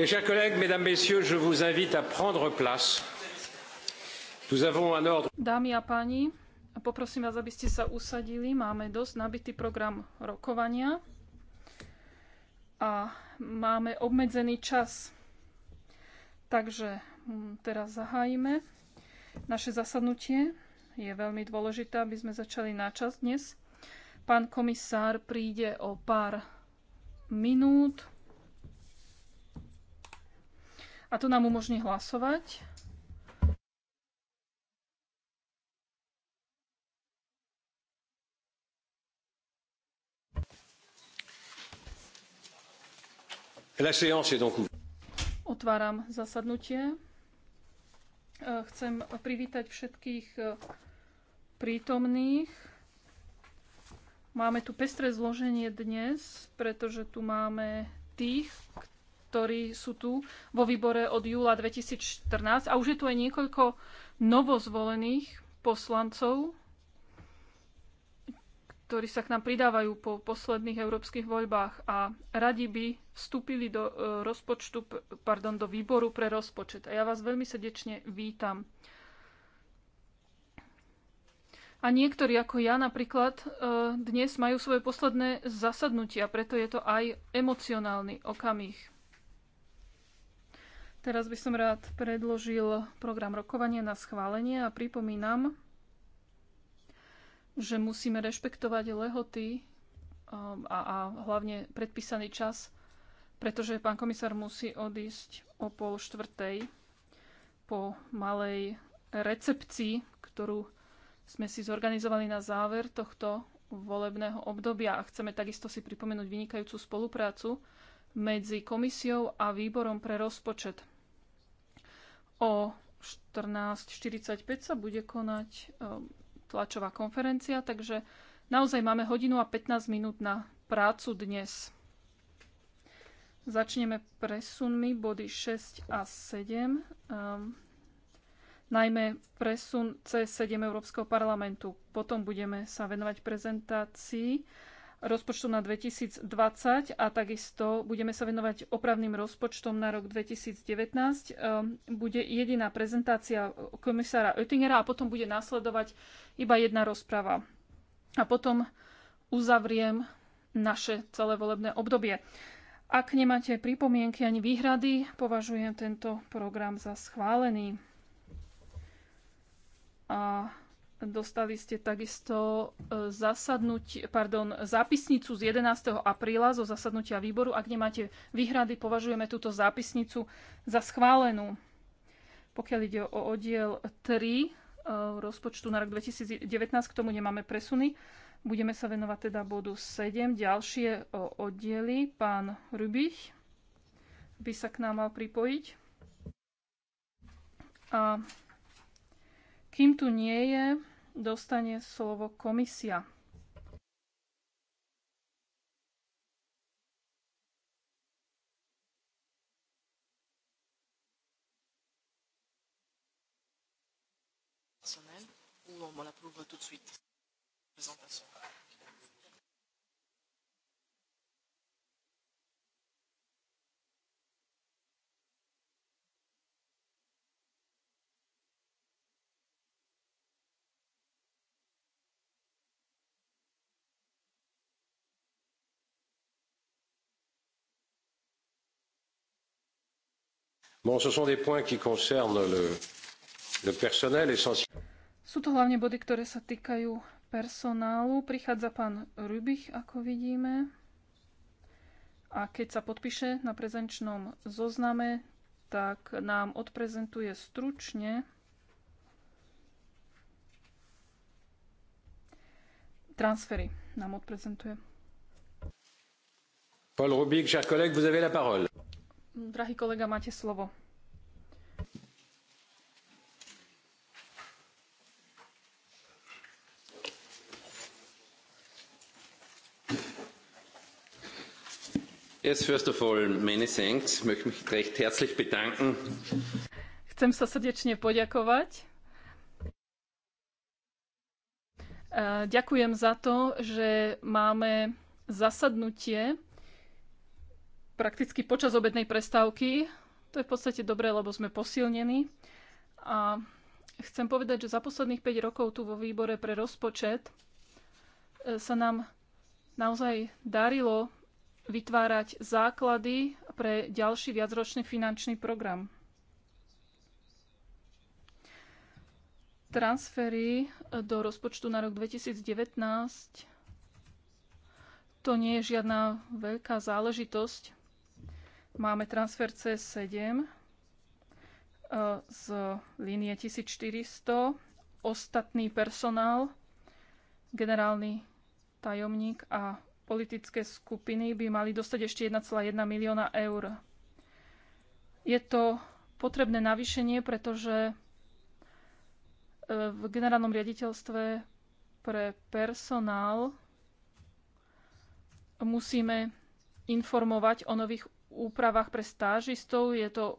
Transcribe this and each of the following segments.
Mes chers collègues, mesdames, messieurs, je vous invite à prendre place. Nous avons un ordre. Dámy a páni, poprosím vás, aby ste sa usadili. Máme dosť nabitý program rokovania a máme obmedzený čas. Takže mm, teraz zahájime. Naše zasadnutie je veľmi dôležité, aby sme začali na čas dnes. Pán komisár príde o pár minút, a to nám umožní hlasovať. Otváram zasadnutie. E, chcem privítať všetkých e, prítomných. Máme tu pestré zloženie dnes, pretože tu máme tých, ktorí sú tu vo výbore od júla 2014 a už je tu aj niekoľko novozvolených poslancov, ktorí sa k nám pridávajú po posledných európskych voľbách a radi by vstúpili do, e, rozpočtu, pardon, do výboru pre rozpočet. A ja vás veľmi srdečne vítam. A niektorí, ako ja napríklad, e, dnes majú svoje posledné zasadnutia, preto je to aj emocionálny okamih. Teraz by som rád predložil program rokovania na schválenie a pripomínam, že musíme rešpektovať lehoty um, a, a hlavne predpísaný čas, pretože pán komisár musí odísť o pol štvrtej po malej recepcii, ktorú sme si zorganizovali na záver tohto volebného obdobia a chceme takisto si pripomenúť vynikajúcu spoluprácu medzi komisiou a výborom pre rozpočet. O 14.45 sa bude konať um, tlačová konferencia, takže naozaj máme hodinu a 15 minút na prácu dnes. Začneme presunmi body 6 a 7, um, najmä presun C7 Európskeho parlamentu. Potom budeme sa venovať prezentácii rozpočtu na 2020 a takisto budeme sa venovať opravným rozpočtom na rok 2019. Ehm, bude jediná prezentácia komisára Oettingera a potom bude následovať iba jedna rozprava. A potom uzavriem naše celé volebné obdobie. Ak nemáte pripomienky ani výhrady, považujem tento program za schválený. A Dostali ste takisto e, pardon, zápisnicu z 11. apríla zo zasadnutia výboru. Ak nemáte výhrady, považujeme túto zápisnicu za schválenú. Pokiaľ ide o oddiel 3 e, rozpočtu na rok 2019, k tomu nemáme presuny. Budeme sa venovať teda bodu 7. Ďalšie e, oddiely. Pán Rubich by sa k nám mal pripojiť. A kým tu nie je, dostane slovo komisia. personnel ou on tout de suite présentation. Bon, ce sont des points qui concernent le, le personnel essentiel. Sú to hlavne body, ktoré sa týkajú personálu. Prichádza pán Rubich, ako vidíme. A keď sa podpíše na prezenčnom zozname, tak nám odprezentuje stručne transfery. Nám odprezentuje. Paul Rubik, chers collègues, vous avez la parole. Drahý kolega, máte slovo. Yes, first of all, many thanks. Möchte mich recht herzlich bedanken. Chcem sa srdečne poďakovať. Eh, ďakujem za to, že máme zasadnutie prakticky počas obednej prestávky. To je v podstate dobré, lebo sme posilnení. A chcem povedať, že za posledných 5 rokov tu vo výbore pre rozpočet e, sa nám naozaj darilo vytvárať základy pre ďalší viacročný finančný program. Transfery e, do rozpočtu na rok 2019 to nie je žiadna veľká záležitosť. Máme transfer C7 e, z línie 1400, ostatný personál, generálny tajomník a politické skupiny by mali dostať ešte 1,1 milióna eur. Je to potrebné navýšenie, pretože e, v generálnom riaditeľstve pre personál musíme informovať o nových úpravách pre stážistov. Je to e,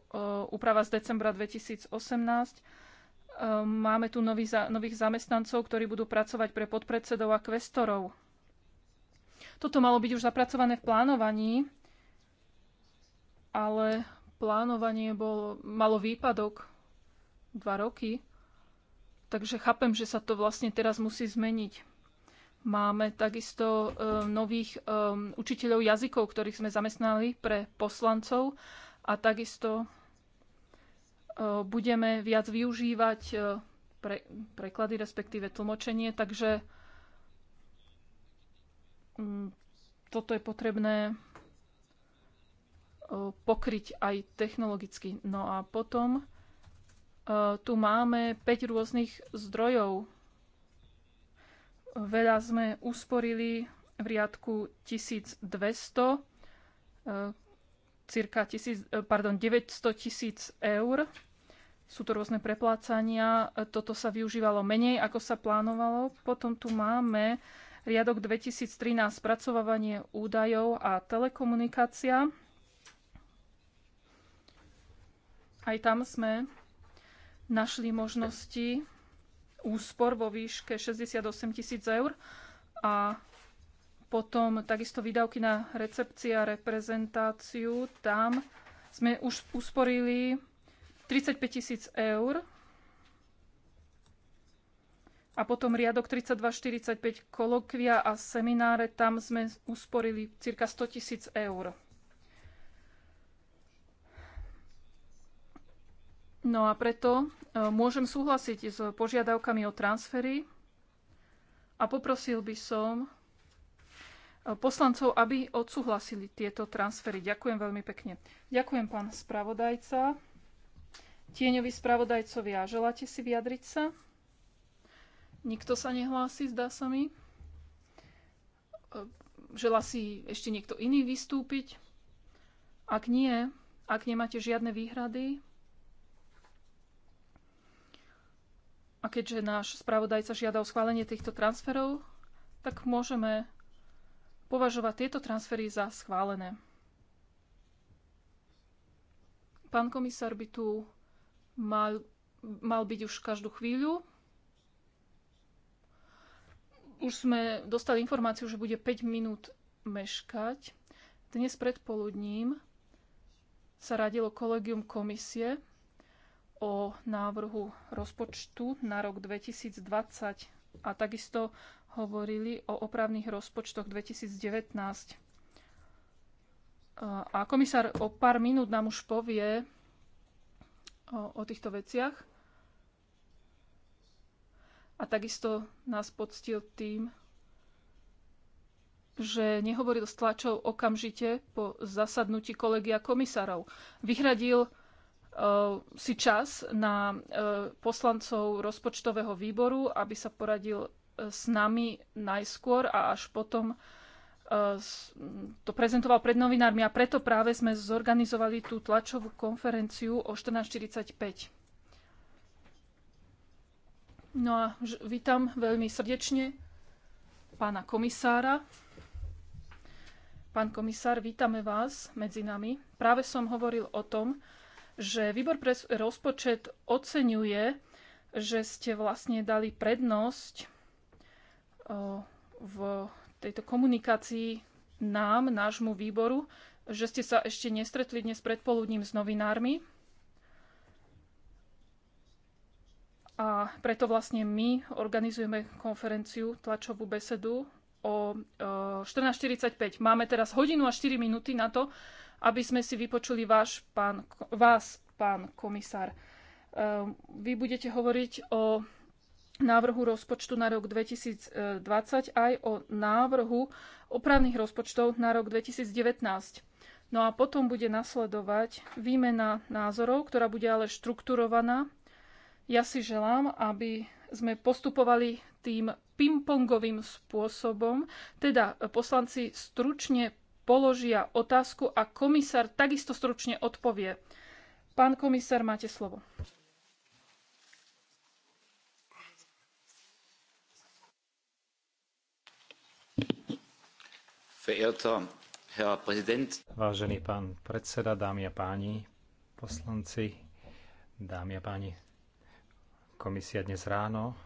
úprava z decembra 2018. E, máme tu nový, nových zamestnancov, ktorí budú pracovať pre podpredsedov a kvestorov. Toto malo byť už zapracované v plánovaní, ale plánovanie bolo, malo výpadok dva roky, takže chápem, že sa to vlastne teraz musí zmeniť. Máme takisto e, nových e, učiteľov jazykov, ktorých sme zamestnali pre poslancov a takisto e, budeme viac využívať pre, preklady, respektíve tlmočenie, takže mm, toto je potrebné pokryť aj technologicky. No a potom tu máme 5 rôznych zdrojov Veľa sme usporili v riadku 1200, e, cirka 1000, e, pardon, 900 tisíc eur. Sú to rôzne preplácania, toto sa využívalo menej, ako sa plánovalo. Potom tu máme riadok 2013 spracovávanie údajov a telekomunikácia. Aj tam sme našli možnosti úspor vo výške 68 tisíc eur a potom takisto výdavky na recepcia a reprezentáciu. Tam sme už usporili 35 tisíc eur a potom riadok 3245 kolokvia a semináre, tam sme usporili cirka 100 tisíc eur. No a preto e, môžem súhlasiť s požiadavkami o transfery a poprosil by som e, poslancov, aby odsúhlasili tieto transfery. Ďakujem veľmi pekne. Ďakujem, pán spravodajca. Tieňoví spravodajcovia, želáte si vyjadriť sa? Nikto sa nehlási, zdá sa mi. E, želá si ešte niekto iný vystúpiť? Ak nie, ak nemáte žiadne výhrady, A keďže náš spravodajca žiada o schválenie týchto transferov, tak môžeme považovať tieto transfery za schválené. Pán komisár by tu mal, mal byť už každú chvíľu. Už sme dostali informáciu, že bude 5 minút meškať. Dnes predpoludním sa radilo kolegium komisie o návrhu rozpočtu na rok 2020 a takisto hovorili o opravných rozpočtoch 2019. E, a komisár o pár minút nám už povie o, o týchto veciach. A takisto nás poctil tým, že nehovoril s tlačou okamžite po zasadnutí kolegia komisárov. Vyhradil Eh, si čas na eh, poslancov rozpočtového výboru, aby sa poradil eh, s nami najskôr a až potom to prezentoval pred novinármi a preto práve sme zorganizovali tú tlačovú konferenciu o 14.45. No a vítam veľmi srdečne pána komisára. Pán komisár, vítame vás medzi nami. Práve som hovoril o tom, že výbor pre rozpočet oceňuje, že ste vlastne dali prednosť v tejto komunikácii nám, nášmu výboru, že ste sa ešte nestretli dnes predpoludním s novinármi, A preto vlastne my organizujeme konferenciu, tlačovú besedu o 14.45. Máme teraz hodinu a 4 minúty na to, aby sme si vypočuli váš pán, vás, pán komisár. E, vy budete hovoriť o návrhu rozpočtu na rok 2020 aj o návrhu opravných rozpočtov na rok 2019. No a potom bude nasledovať výmena názorov, ktorá bude ale štrukturovaná. Ja si želám, aby sme postupovali tým pingpongovým spôsobom, teda poslanci stručne položia otázku a komisár takisto stručne odpovie. Pán komisár, máte slovo. Vážený pán predseda, dámy a páni poslanci, dámy a páni, komisia dnes ráno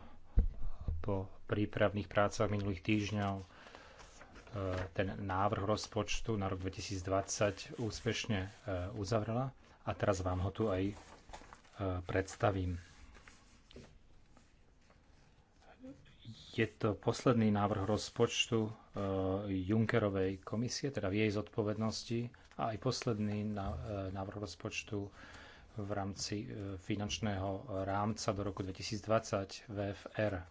po prípravných prácach minulých týždňov E, ten návrh rozpočtu na rok 2020 úspešne e, uzavrela a teraz vám ho tu aj e, predstavím. Je to posledný návrh rozpočtu Junckerovej komisie, teda v jej zodpovednosti, a aj posledný návrh rozpočtu v rámci finančného rámca do roku 2020 VFR.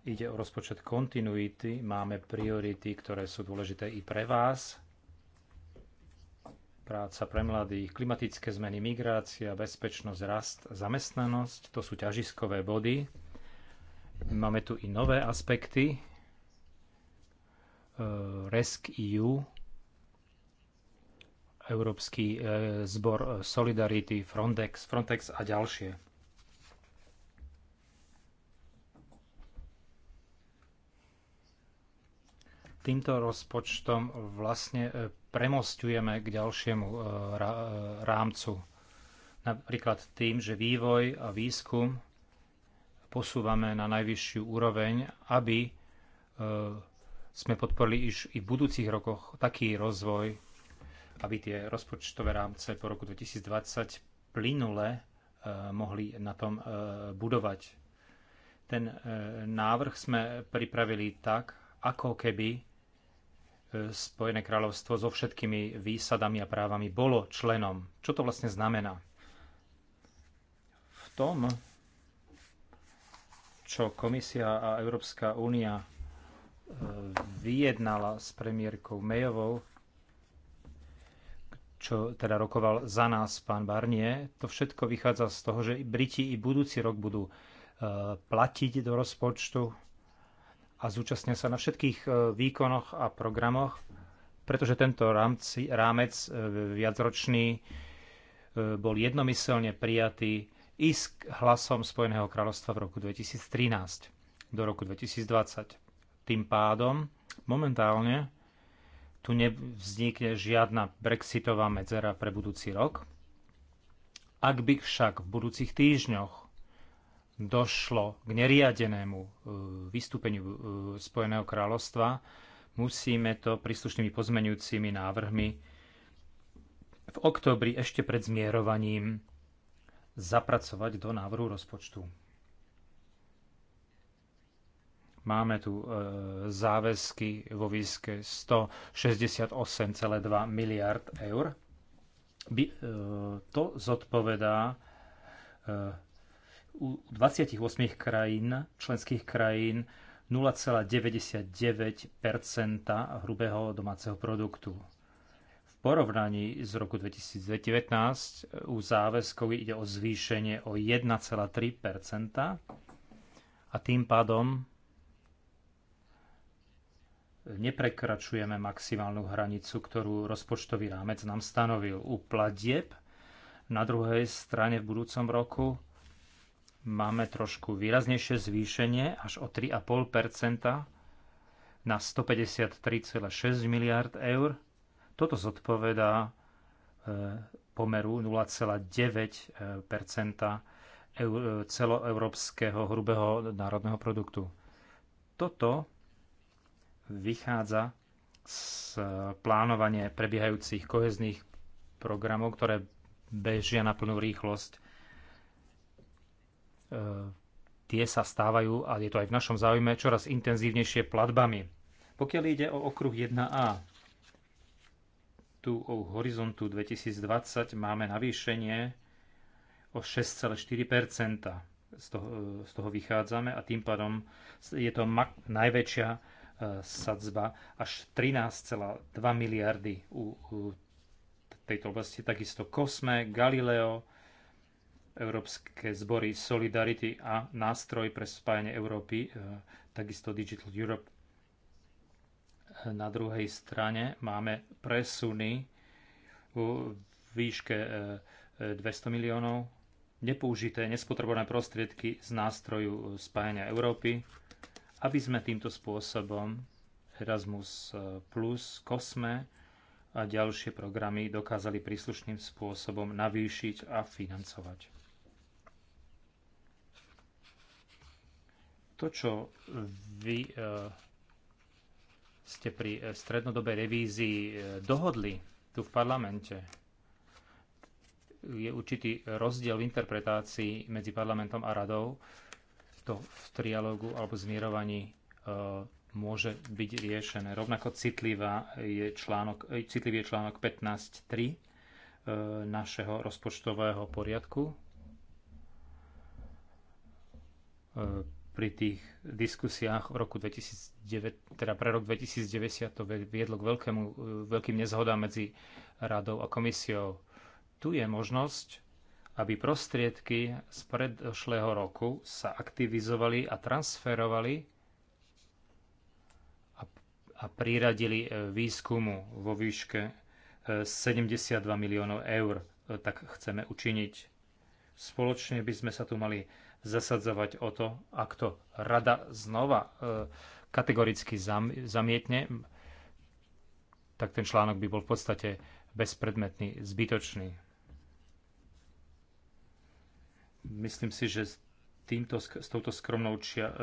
Ide o rozpočet kontinuity, máme priority, ktoré sú dôležité i pre vás. Práca pre mladých, klimatické zmeny, migrácia, bezpečnosť, rast, zamestnanosť, to sú ťažiskové body. Máme tu i nové aspekty. E, RESC EU, Európsky e, zbor Solidarity, Frontex, Frontex a ďalšie Týmto rozpočtom vlastne e, premostujeme k ďalšiemu e, e, rámcu. Napríklad tým, že vývoj a výskum posúvame na najvyššiu úroveň, aby sme podporili iž i v budúcich rokoch taký rozvoj, aby tie rozpočtové rámce po roku 2020 plynule mohli na tom budovať. Ten návrh sme pripravili tak, ako keby Spojené kráľovstvo so všetkými výsadami a právami bolo členom. Čo to vlastne znamená? V tom, čo komisia a Európska únia e, vyjednala s premiérkou Mayovou, čo teda rokoval za nás pán Barnier, to všetko vychádza z toho, že Briti i budúci rok budú e, platiť do rozpočtu a zúčastnia sa na všetkých e, výkonoch a programoch, pretože tento rámci, rámec e, viacročný e, bol jednomyselne prijatý i s hlasom Spojeného kráľovstva v roku 2013 do roku 2020. Tým pádom momentálne tu nevznikne žiadna brexitová medzera pre budúci rok. Ak by však v budúcich týždňoch došlo k neriadenému e, vystúpeniu e, Spojeného kráľovstva, musíme to príslušnými pozmenujúcimi návrhmi v oktobri ešte pred zmierovaním zapracovať do návrhu rozpočtu. Máme tu e, záväzky vo výske 168,2 miliard eur. to zodpovedá u 28 krajín, členských krajín 0,99 hrubého domáceho produktu. V porovnaní z roku 2019 u záväzkov ide o zvýšenie o 1,3 a tým pádom neprekračujeme maximálnu hranicu, ktorú rozpočtový rámec nám stanovil. U platieb na druhej strane v budúcom roku máme trošku výraznejšie zvýšenie až o 3,5 na 153,6 miliard eur. Toto zodpovedá e, pomeru 0,9 e, celoeurópskeho hrubého národného produktu. Toto vychádza z plánovania prebiehajúcich kohezných programov, ktoré bežia na plnú rýchlosť E, tie sa stávajú, a je to aj v našom záujme, čoraz intenzívnejšie platbami. Pokiaľ ide o okruh 1A, tu o horizontu 2020 máme navýšenie o 6,4 z toho, e, z toho vychádzame a tým pádom je to najväčšia e, sadzba až 13,2 miliardy u, u tejto oblasti. Takisto Cosme, Galileo, Európske zbory Solidarity a nástroj pre spájanie Európy, e, takisto Digital Europe. E, na druhej strane máme presuny v výške 200 e, miliónov, nepoužité, nespotrebované prostriedky z nástroju spájania Európy, aby sme týmto spôsobom Erasmus Plus, Kosme a ďalšie programy dokázali príslušným spôsobom navýšiť a financovať. To, čo vy e, ste pri strednodobej revízii e, dohodli tu v parlamente, je určitý rozdiel v interpretácii medzi parlamentom a radou. To v trialógu alebo zmierovaní e, môže byť riešené. Rovnako citlivá je článok, citlivý je článok 15.3 našeho rozpočtového poriadku pri tých diskusiách v roku 2009, teda pre rok 2090 to viedlo k veľkému, veľkým nezhodám medzi radou a komisiou. Tu je možnosť, aby prostriedky z predošlého roku sa aktivizovali a transferovali a, a priradili e, výskumu vo výške 72 e, miliónov eur. E, tak chceme učiniť. Spoločne by sme sa tu mali zasadzovať o to, ak to rada znova e, kategoricky zamietne, tak ten článok by bol v podstate bezpredmetný, zbytočný. Myslím si, že týmto, s touto skromnou čia, e, e,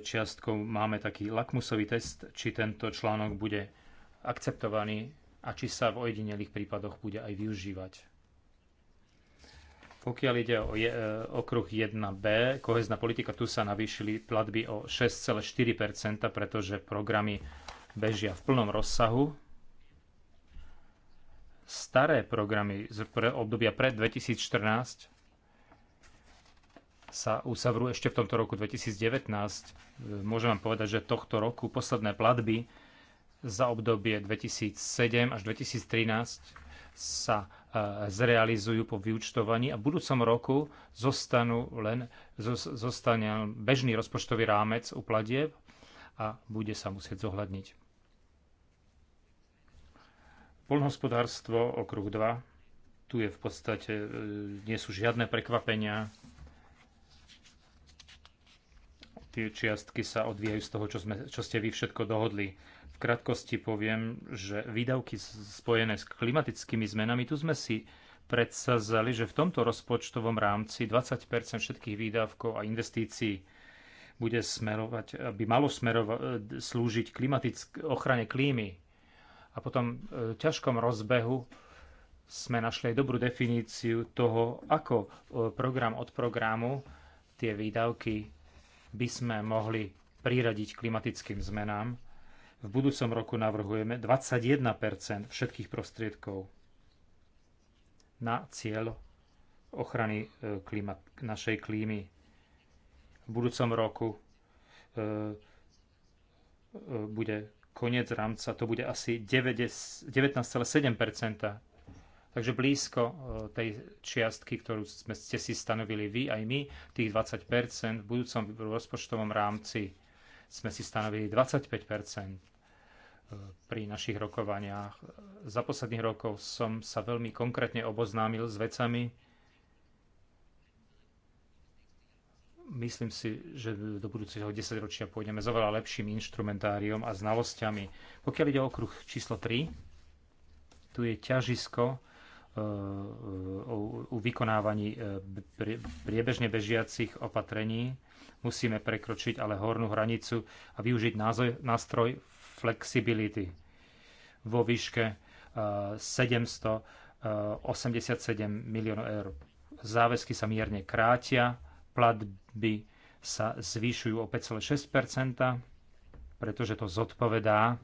čiastkou máme taký lakmusový test, či tento článok bude akceptovaný a či sa v ojedinelých prípadoch bude aj využívať. Pokiaľ ide o je, e, okruh 1b, kohezná politika, tu sa navýšili platby o 6,4%, pretože programy bežia v plnom rozsahu. Staré programy z pre obdobia pred 2014 sa usavrú ešte v tomto roku 2019. E, môžem vám povedať, že tohto roku posledné platby za obdobie 2007 až 2013 sa zrealizujú po vyučtovaní a v budúcom roku zostanú len, zostane bežný rozpočtový rámec u pladieb a bude sa musieť zohľadniť. Polnohospodárstvo, okruh 2. Tu je v podstate, e, nie sú žiadne prekvapenia tie čiastky sa odvíjajú z toho, čo, sme, čo ste vy všetko dohodli. V krátkosti poviem, že výdavky spojené s klimatickými zmenami, tu sme si predsazali, že v tomto rozpočtovom rámci 20 všetkých výdavkov a investícií bude smerovať, aby malo smerovať, slúžiť klimatick- ochrane klímy. A potom e, v ťažkom rozbehu sme našli aj dobrú definíciu toho, ako e, program od programu tie výdavky by sme mohli priradiť klimatickým zmenám. V budúcom roku navrhujeme 21 všetkých prostriedkov na cieľ ochrany e, klimat, našej klímy. V budúcom roku e, e, bude koniec rámca, to bude asi 19,7 Takže blízko e, tej čiastky, ktorú sme, ste si stanovili vy aj my, tých 20 v budúcom rozpočtovom rámci sme si stanovili 25 e, pri našich rokovaniach. Za posledných rokov som sa veľmi konkrétne oboznámil s vecami. Myslím si, že do budúceho 10 ročia pôjdeme s oveľa lepším inštrumentáriom a znalosťami. Pokiaľ ide o okruh číslo 3, tu je ťažisko o e, vykonávaní e, priebežne bežiacich opatrení. Musíme prekročiť ale hornú hranicu a využiť nástroj flexibility vo výške 787 e, miliónov eur. Záväzky sa mierne krátia, platby sa zvýšujú o 5,6 pretože to zodpovedá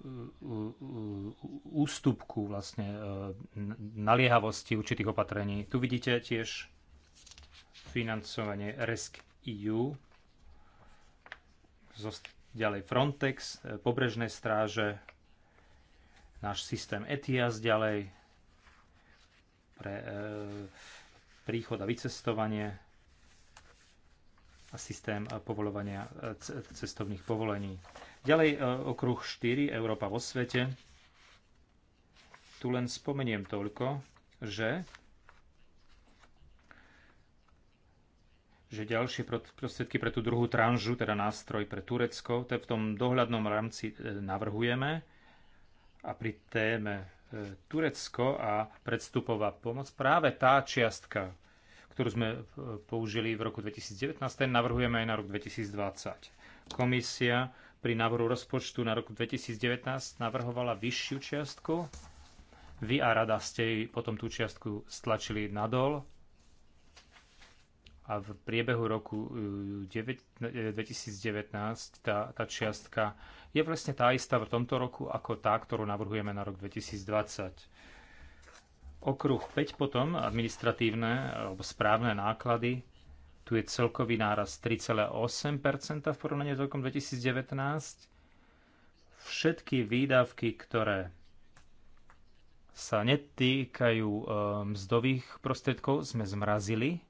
E, e, e, ústupku vlastne naliehavosti určitých opatrení. Tu vidíte tiež financovanie RESC EU, ďalej Frontex, pobrežné stráže, náš systém ETIAS ďalej pre e, príchod a vycestovanie a systém povolovania cestovných povolení. Ďalej e, okruh 4, Európa vo svete. Tu len spomeniem toľko, že že ďalšie prostriedky pre tú druhú tranžu, teda nástroj pre Turecko, to v tom dohľadnom rámci e, navrhujeme. A pri téme e, Turecko a predstupová pomoc, práve tá čiastka, ktorú sme použili v roku 2019, ten navrhujeme aj na rok 2020. Komisia pri návrhu rozpočtu na roku 2019 navrhovala vyššiu čiastku. Vy a rada ste potom tú čiastku stlačili nadol a v priebehu roku 2019 eh, eh, tá, tá čiastka je vlastne tá istá v tomto roku ako tá, ktorú navrhujeme na rok 2020. Okruh 5 potom, administratívne alebo správne náklady, tu je celkový náraz 3,8 v porovnaní s rokom 2019. Všetky výdavky, ktoré sa netýkajú e, mzdových prostriedkov, sme zmrazili.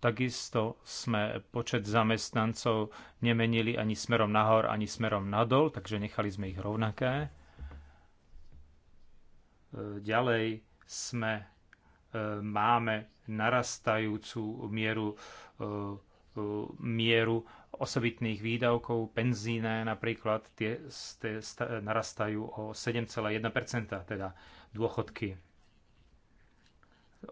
Takisto sme počet zamestnancov nemenili ani smerom nahor, ani smerom nadol, takže nechali sme ich rovnaké. E, ďalej sme, e, máme narastajúcu mieru, e, e, mieru osobitných výdavkov, penzíne napríklad, tie, tie narastajú o 7,1%, teda dôchodky.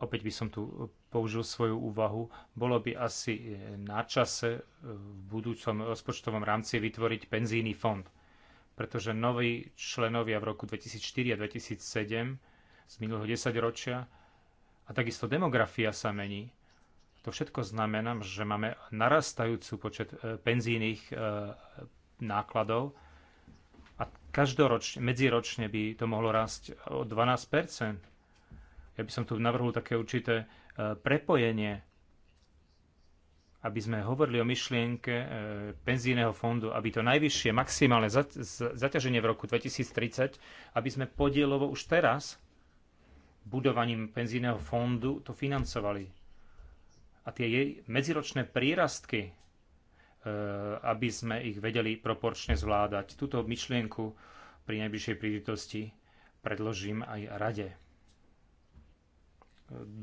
Opäť by som tu použil svoju úvahu. Bolo by asi na čase e, v budúcom rozpočtovom rámci vytvoriť penzíny fond, pretože noví členovia v roku 2004 a 2007 z minulého desaťročia ročia a takisto demografia sa mení. To všetko znamená, že máme narastajúcu počet e, penzijných e, nákladov a každoročne, medziročne by to mohlo rásť o 12 Ja by som tu navrhol také určité e, prepojenie, aby sme hovorili o myšlienke penzijného fondu, aby to najvyššie maximálne zaťaženie v roku 2030, aby sme podielovo už teraz budovaním penzijného fondu to financovali. A tie jej medziročné prírastky, e, aby sme ich vedeli proporčne zvládať. Túto myšlienku pri najbližšej príležitosti predložím aj rade.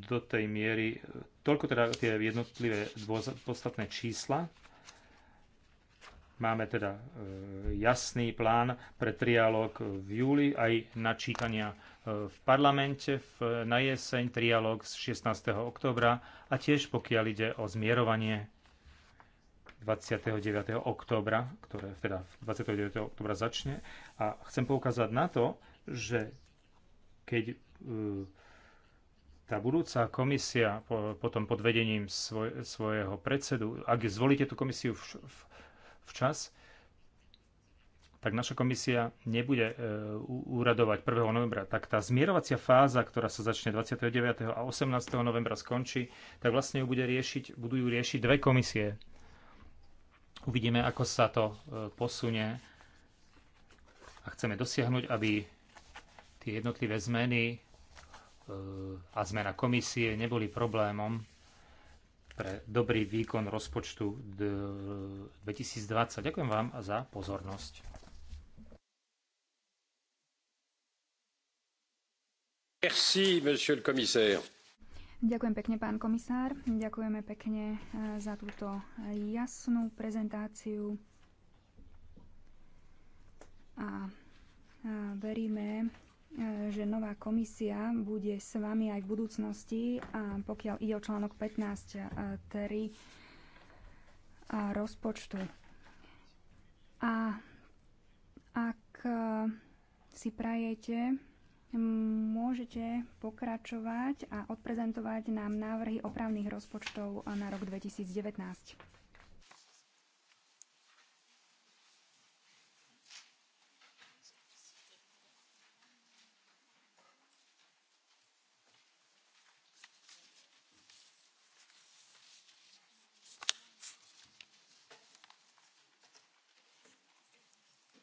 Do tej miery, toľko teda tie jednotlivé podstatné čísla. Máme teda e, jasný plán pre trialog v júli aj načítania v parlamente v, na jeseň trialog z 16. oktobra a tiež pokiaľ ide o zmierovanie 29. oktobra, ktoré teda 29. oktobra začne. A chcem poukázať na to, že keď e, tá budúca komisia potom pod vedením svoj, svojho predsedu, ak zvolíte tú komisiu v, v, včas, tak naša komisia nebude e, úradovať 1. novembra. Tak tá zmierovacia fáza, ktorá sa začne 29. a 18. novembra skončí, tak vlastne ju bude riešiť, budú ju riešiť dve komisie. Uvidíme, ako sa to e, posunie a chceme dosiahnuť, aby tie jednotlivé zmeny e, a zmena komisie neboli problémom pre dobrý výkon rozpočtu 2020. Ďakujem vám za pozornosť. Merci, monsieur le commissaire. Ďakujem pekne, pán komisár. Ďakujeme pekne eh, za túto jasnú prezentáciu. A veríme, eh, že nová komisia bude s vami aj v budúcnosti a pokiaľ ide o článok 15.3 eh, rozpočtu. A ak si prajete Môžete pokračovať a odprezentovať nám návrhy opravných rozpočtov na rok 2019.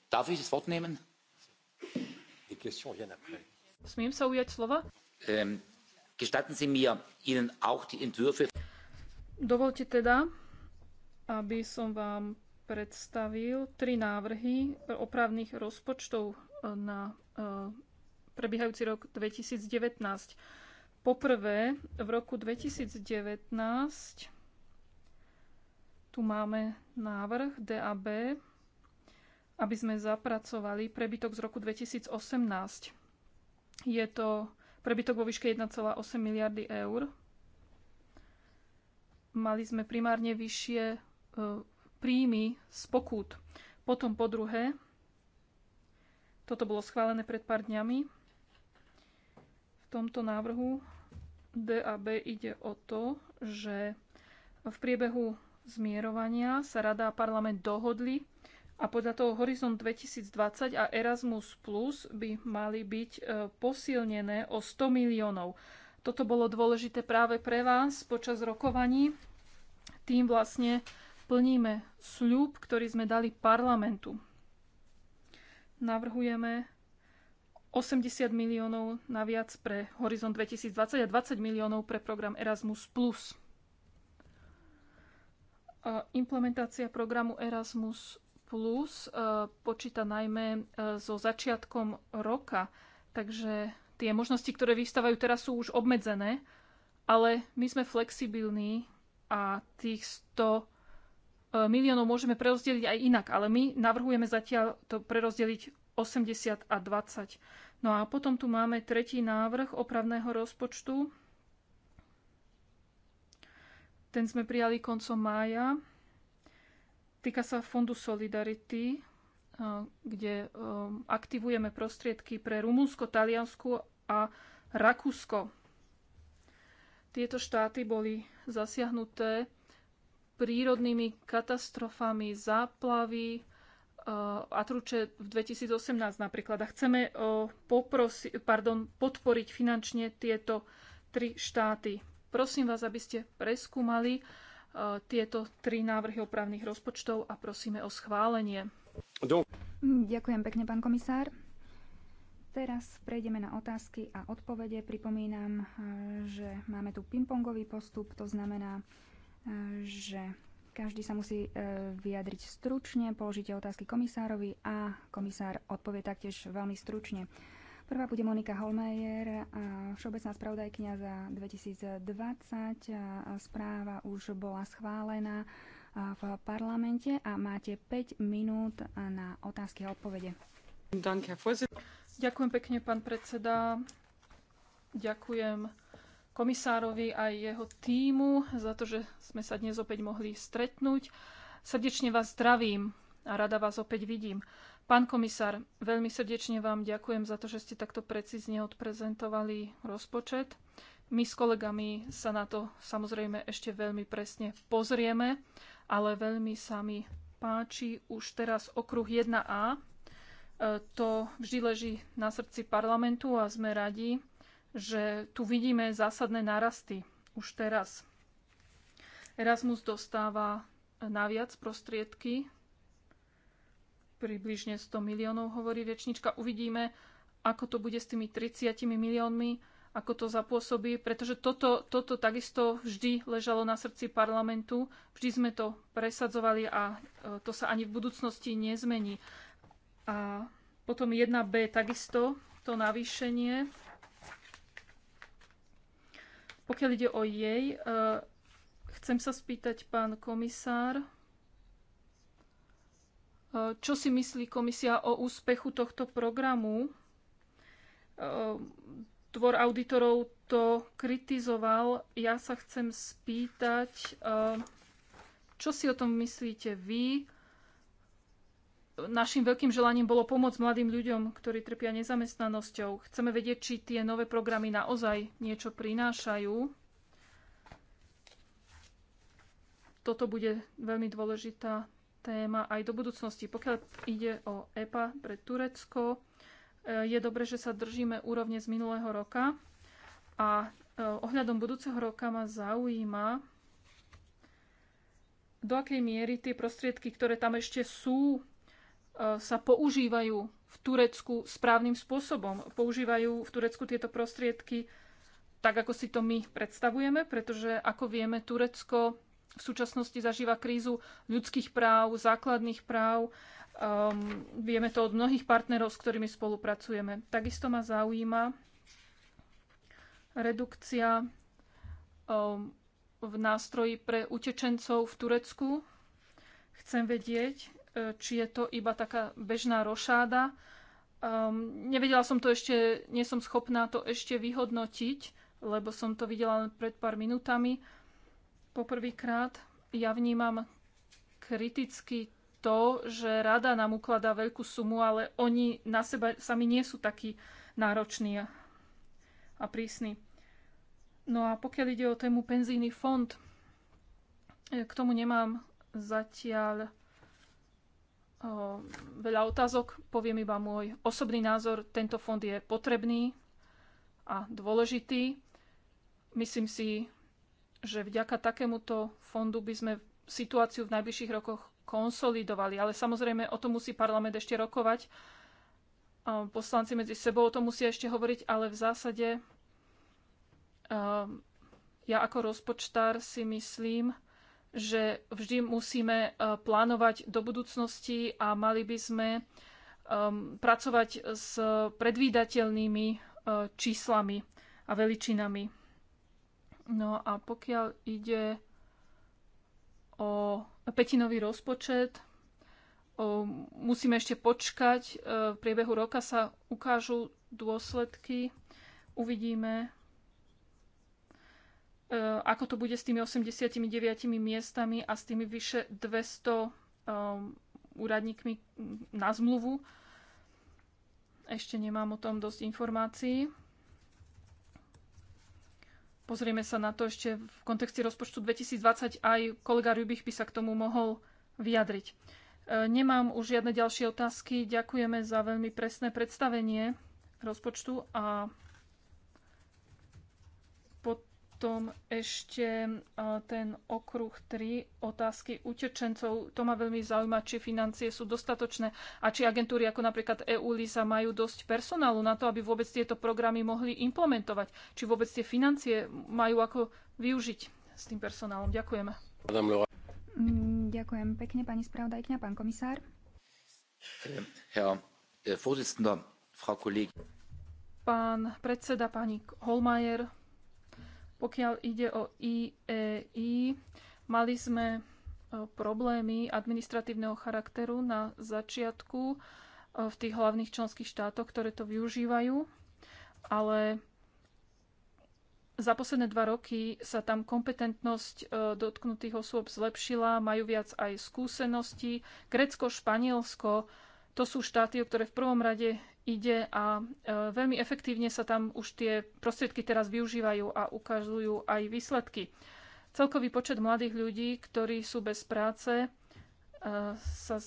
Darf ich das Wort nehmen? Die question vient après. Smiem sa ujať slova? Um, gestatten Sie mir, Ihnen auch die Entwürfe... Dovolte teda, aby som vám predstavil tri návrhy opravných rozpočtov na eh, prebiehajúci rok 2019. Poprvé, v roku 2019 tu máme návrh DAB, aby sme zapracovali prebytok z roku 2018 je to prebytok vo výške 1,8 miliardy eur. Mali sme primárne vyššie e, príjmy z pokút. Potom po druhé, toto bolo schválené pred pár dňami, v tomto návrhu DAB ide o to, že v priebehu zmierovania sa Rada a parlament dohodli a podľa toho Horizont 2020 a Erasmus Plus by mali byť e, posilnené o 100 miliónov. Toto bolo dôležité práve pre vás počas rokovaní. Tým vlastne plníme sľub, ktorý sme dali parlamentu. Navrhujeme 80 miliónov naviac pre Horizont 2020 a 20 miliónov pre program Erasmus+. Implementácia programu Erasmus plus e, počíta najmä e, so začiatkom roka, takže tie možnosti, ktoré vystávajú teraz, sú už obmedzené, ale my sme flexibilní a tých 100 e, miliónov môžeme prerozdeliť aj inak, ale my navrhujeme zatiaľ to prerozdeliť 80 a 20. No a potom tu máme tretí návrh opravného rozpočtu. Ten sme prijali koncom mája. Týka sa Fondu Solidarity, eh, kde eh, aktivujeme prostriedky pre Rumunsko, Taliansku a Rakúsko. Tieto štáty boli zasiahnuté prírodnými katastrofami, záplavy, eh, Atruče v 2018 napríklad. A chceme poprosi, pardon, podporiť finančne tieto tri štáty. Prosím vás, aby ste preskúmali, tieto tri návrhy opravných rozpočtov a prosíme o schválenie. Ďakujem pekne, pán komisár. Teraz prejdeme na otázky a odpovede. Pripomínam, eh, že máme tu pingpongový postup, to znamená, eh, že každý sa musí eh, vyjadriť stručne, položíte otázky komisárovi a komisár odpovie taktiež veľmi stručne. Prvá bude Monika Holmejer, všeobecná spravodajkňa za 2020. Správa už bola schválená v parlamente a máte 5 minút na otázky a odpovede. Ďakujem pekne, pán predseda. Ďakujem komisárovi aj jeho týmu za to, že sme sa dnes opäť mohli stretnúť. Srdečne vás zdravím a rada vás opäť vidím. Pán komisár, veľmi srdečne vám ďakujem za to, že ste takto precízne odprezentovali rozpočet. My s kolegami sa na to samozrejme ešte veľmi presne pozrieme, ale veľmi sa mi páči už teraz okruh 1a. E, to vždy leží na srdci parlamentu a sme radi, že tu vidíme zásadné narasty už teraz. Erasmus dostáva naviac prostriedky Približne 100 miliónov, hovorí rečnička. Uvidíme, ako to bude s tými 30 miliónmi, ako to zapôsobí, pretože toto, toto takisto vždy ležalo na srdci parlamentu. Vždy sme to presadzovali a e, to sa ani v budúcnosti nezmení. A potom 1B takisto, to navýšenie. Pokiaľ ide o jej, e, chcem sa spýtať, pán komisár, E, čo si myslí komisia o úspechu tohto programu? E, dvor auditorov to kritizoval. Ja sa chcem spýtať, e, čo si o tom myslíte vy? Našim veľkým želaním bolo pomôcť mladým ľuďom, ktorí trpia nezamestnanosťou. Chceme vedieť, či tie nové programy naozaj niečo prinášajú. Toto bude veľmi dôležitá téma aj do budúcnosti. Pokiaľ ide o EPA pre Turecko, eh, je dobre, že sa držíme úrovne z minulého roka a eh, ohľadom budúceho roka ma zaujíma, do akej miery tie prostriedky, ktoré tam ešte sú, eh, sa používajú v Turecku správnym spôsobom. Používajú v Turecku tieto prostriedky tak, ako si to my predstavujeme, pretože ako vieme, Turecko v súčasnosti zažíva krízu ľudských práv, základných práv. Um, vieme to od mnohých partnerov, s ktorými spolupracujeme. Takisto ma zaujíma redukcia um, v nástroji pre utečencov v Turecku. Chcem vedieť, e, či je to iba taká bežná rošáda. Um, nevedela som to ešte, nie som schopná to ešte vyhodnotiť, lebo som to videla len pred pár minútami Poprvýkrát ja vnímam kriticky to, že rada nám ukladá veľkú sumu, ale oni na seba sami nie sú takí nároční a prísni. No a pokiaľ ide o tému penzíny fond, e, k tomu nemám zatiaľ o, veľa otázok. Poviem iba môj osobný názor. Tento fond je potrebný a dôležitý. Myslím si, že vďaka takémuto fondu by sme situáciu v najbližších rokoch konsolidovali. Ale samozrejme, o tom musí parlament ešte rokovať. Poslanci medzi sebou o tom musia ešte hovoriť, ale v zásade ehm, ja ako rozpočtár si myslím, že vždy musíme e, plánovať do budúcnosti a mali by sme ehm, pracovať s predvídateľnými e, číslami a veličinami. No a pokiaľ ide o petinový rozpočet, musíme ešte počkať. E, v priebehu roka sa ukážu dôsledky. Uvidíme, e, ako to bude s tými 89 miestami a s tými vyše 200 e, úradníkmi na zmluvu. Ešte nemám o tom dosť informácií. Pozrieme sa na to ešte v kontexte rozpočtu 2020. Aj kolega Rubich by sa k tomu mohol vyjadriť. E, nemám už žiadne ďalšie otázky. Ďakujeme za veľmi presné predstavenie rozpočtu a potom ešte ten okruh 3, otázky utečencov. To ma veľmi zaujíma, či financie sú dostatočné a či agentúry ako napríklad EU LISA majú dosť personálu na to, aby vôbec tieto programy mohli implementovať. Či vôbec tie financie majú ako využiť s tým personálom. Ďakujem. Mm, ďakujem pekne, pani spravodajkňa, pán komisár. Äh, pán predseda, pani Holmajer, pokiaľ ide o IEI, e mali sme e, problémy administratívneho charakteru na začiatku e, v tých hlavných členských štátoch, ktoré to využívajú, ale za posledné dva roky sa tam kompetentnosť dotknutých osôb zlepšila, majú viac aj skúsenosti. Grécko, Španielsko, to sú štáty, o ktoré v prvom rade ide a e, veľmi efektívne sa tam už tie prostriedky teraz využívajú a ukazujú aj výsledky. Celkový počet mladých ľudí, ktorí sú bez práce, e, sa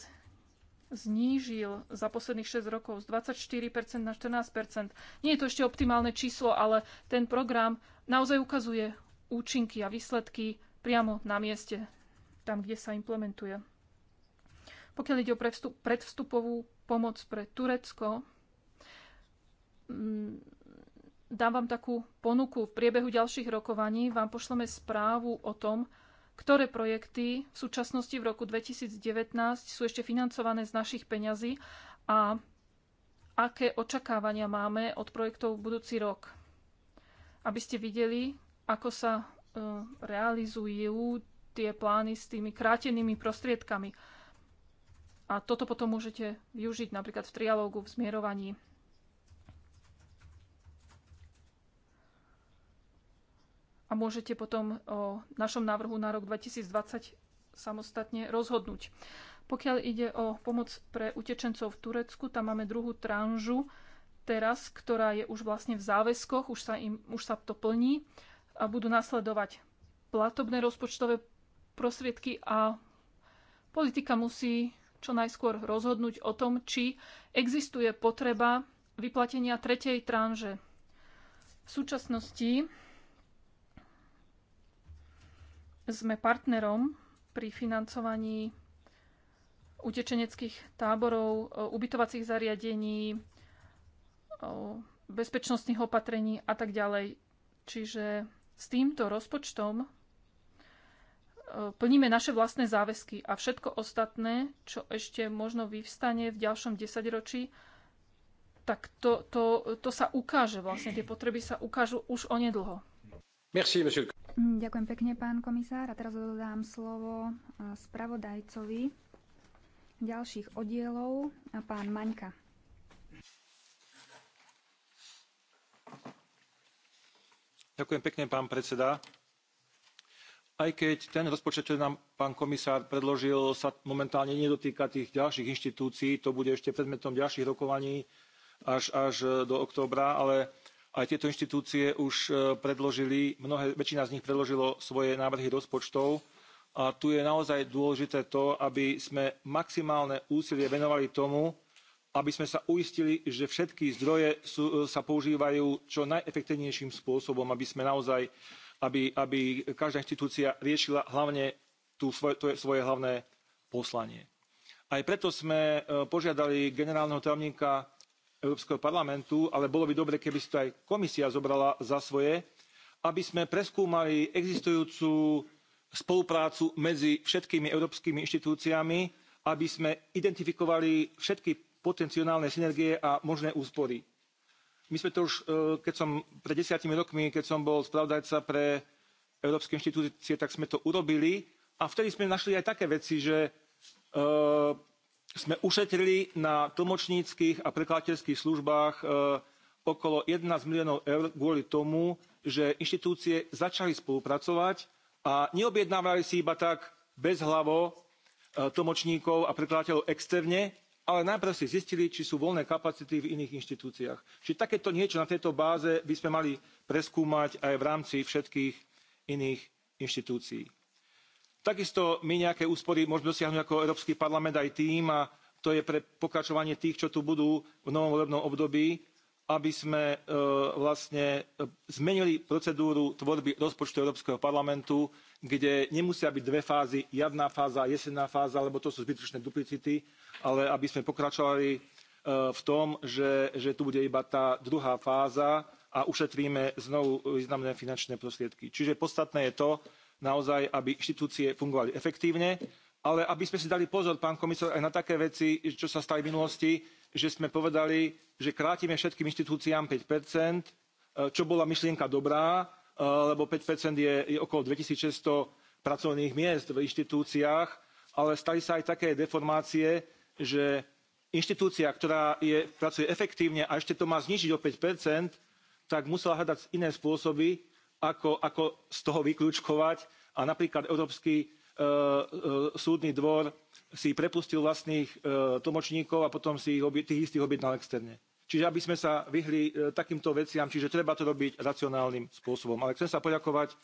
znížil za posledných 6 rokov z 24% na 14%. Nie je to ešte optimálne číslo, ale ten program naozaj ukazuje účinky a výsledky priamo na mieste, tam, kde sa implementuje. Pokiaľ ide o predvstupovú pomoc pre Turecko, Mm, dám vám takú ponuku. V priebehu ďalších rokovaní vám pošleme správu o tom, ktoré projekty v súčasnosti v roku 2019 sú ešte financované z našich peňazí a aké očakávania máme od projektov budúci rok. Aby ste videli, ako sa e, realizujú tie plány s tými krátenými prostriedkami. A toto potom môžete využiť napríklad v trialógu, v zmierovaní a môžete potom o našom návrhu na rok 2020 samostatne rozhodnúť. Pokiaľ ide o pomoc pre utečencov v Turecku, tam máme druhú tranžu teraz, ktorá je už vlastne v záväzkoch, už sa, im, už sa to plní a budú nasledovať platobné rozpočtové prostriedky a politika musí čo najskôr rozhodnúť o tom, či existuje potreba vyplatenia tretej tranže. V súčasnosti sme partnerom pri financovaní utečeneckých táborov, e, ubytovacích zariadení, e, bezpečnostných opatrení a tak ďalej. Čiže s týmto rozpočtom e, plníme naše vlastné záväzky a všetko ostatné, čo ešte možno vyvstane v ďalšom desaťročí, tak to, to, to sa ukáže vlastne, tie potreby sa ukážu už onedlho. Merci, monsieur. Mm, ďakujem pekne, pán komisár. A teraz dodám slovo spravodajcovi ďalších oddielov, pán Maňka. Ďakujem pekne, pán predseda. Aj keď ten rozpočet, čo nám pán komisár predložil, sa momentálne nedotýka tých ďalších inštitúcií, to bude ešte predmetom ďalších rokovaní až, až do októbra, ale aj tieto inštitúcie už e, predložili, mnohé, väčšina z nich predložila svoje návrhy rozpočtov a tu je naozaj dôležité to, aby sme maximálne úsilie venovali tomu, aby sme sa uistili, že všetky zdroje e, sa používajú čo najefektívnejším spôsobom, aby sme naozaj, aby, aby každá inštitúcia riešila hlavne tú svoje, to je svoje hlavné poslanie. Aj preto sme e, požiadali generálneho tajomníka Európskeho parlamentu, ale bolo by dobre, keby si to aj komisia zobrala za svoje, aby sme preskúmali existujúcu spoluprácu medzi všetkými európskymi inštitúciami, aby sme identifikovali všetky potenciálne synergie a možné úspory. My sme to už, e, keď som pred desiatimi rokmi, keď som bol spravodajca pre európske inštitúcie, tak sme to urobili a vtedy sme našli aj také veci, že e, sme ušetrili na tlmočníckych a prekladateľských službách e, okolo 11 miliónov eur kvôli tomu, že inštitúcie začali spolupracovať a neobjednávali si iba tak bezhlavo e, tlmočníkov a prekladateľov externe, ale najprv si zistili, či sú voľné kapacity v iných inštitúciách. Čiže takéto niečo na tejto báze by sme mali preskúmať aj v rámci všetkých iných inštitúcií. Takisto my nejaké úspory môžeme dosiahnuť ako Európsky parlament aj tým, a to je pre pokračovanie tých, čo tu budú v novom volebnom období, aby sme e, vlastne e, zmenili procedúru tvorby rozpočtu Európskeho parlamentu, kde nemusia byť dve fázy, jarná fáza a jesenná fáza, lebo to sú zbytočné duplicity, ale aby sme pokračovali e, v tom, že, že tu bude iba tá druhá fáza a ušetríme znovu významné finančné prostriedky. Čiže podstatné je to, naozaj, aby inštitúcie fungovali efektívne. Ale aby sme si dali pozor, pán komisár, aj na také veci, čo sa stali v minulosti, že sme povedali, že krátime všetkým inštitúciám 5 eh, čo bola myšlienka dobrá, eh, lebo 5 je, je okolo 2600 pracovných miest v inštitúciách, ale stali sa aj také deformácie, že inštitúcia, ktorá pracuje efektívne a ešte to má znížiť o 5 tak musela hľadať iné spôsoby, ako, z toho vyklúčkovať a napríklad Európsky e, e, súdny dvor si prepustil vlastných e, tlmočníkov a potom si ich tých istých objednal externe. Čiže aby sme sa vyhli takýmto veciam, čiže treba to robiť racionálnym spôsobom. Ale chcem sa poďakovať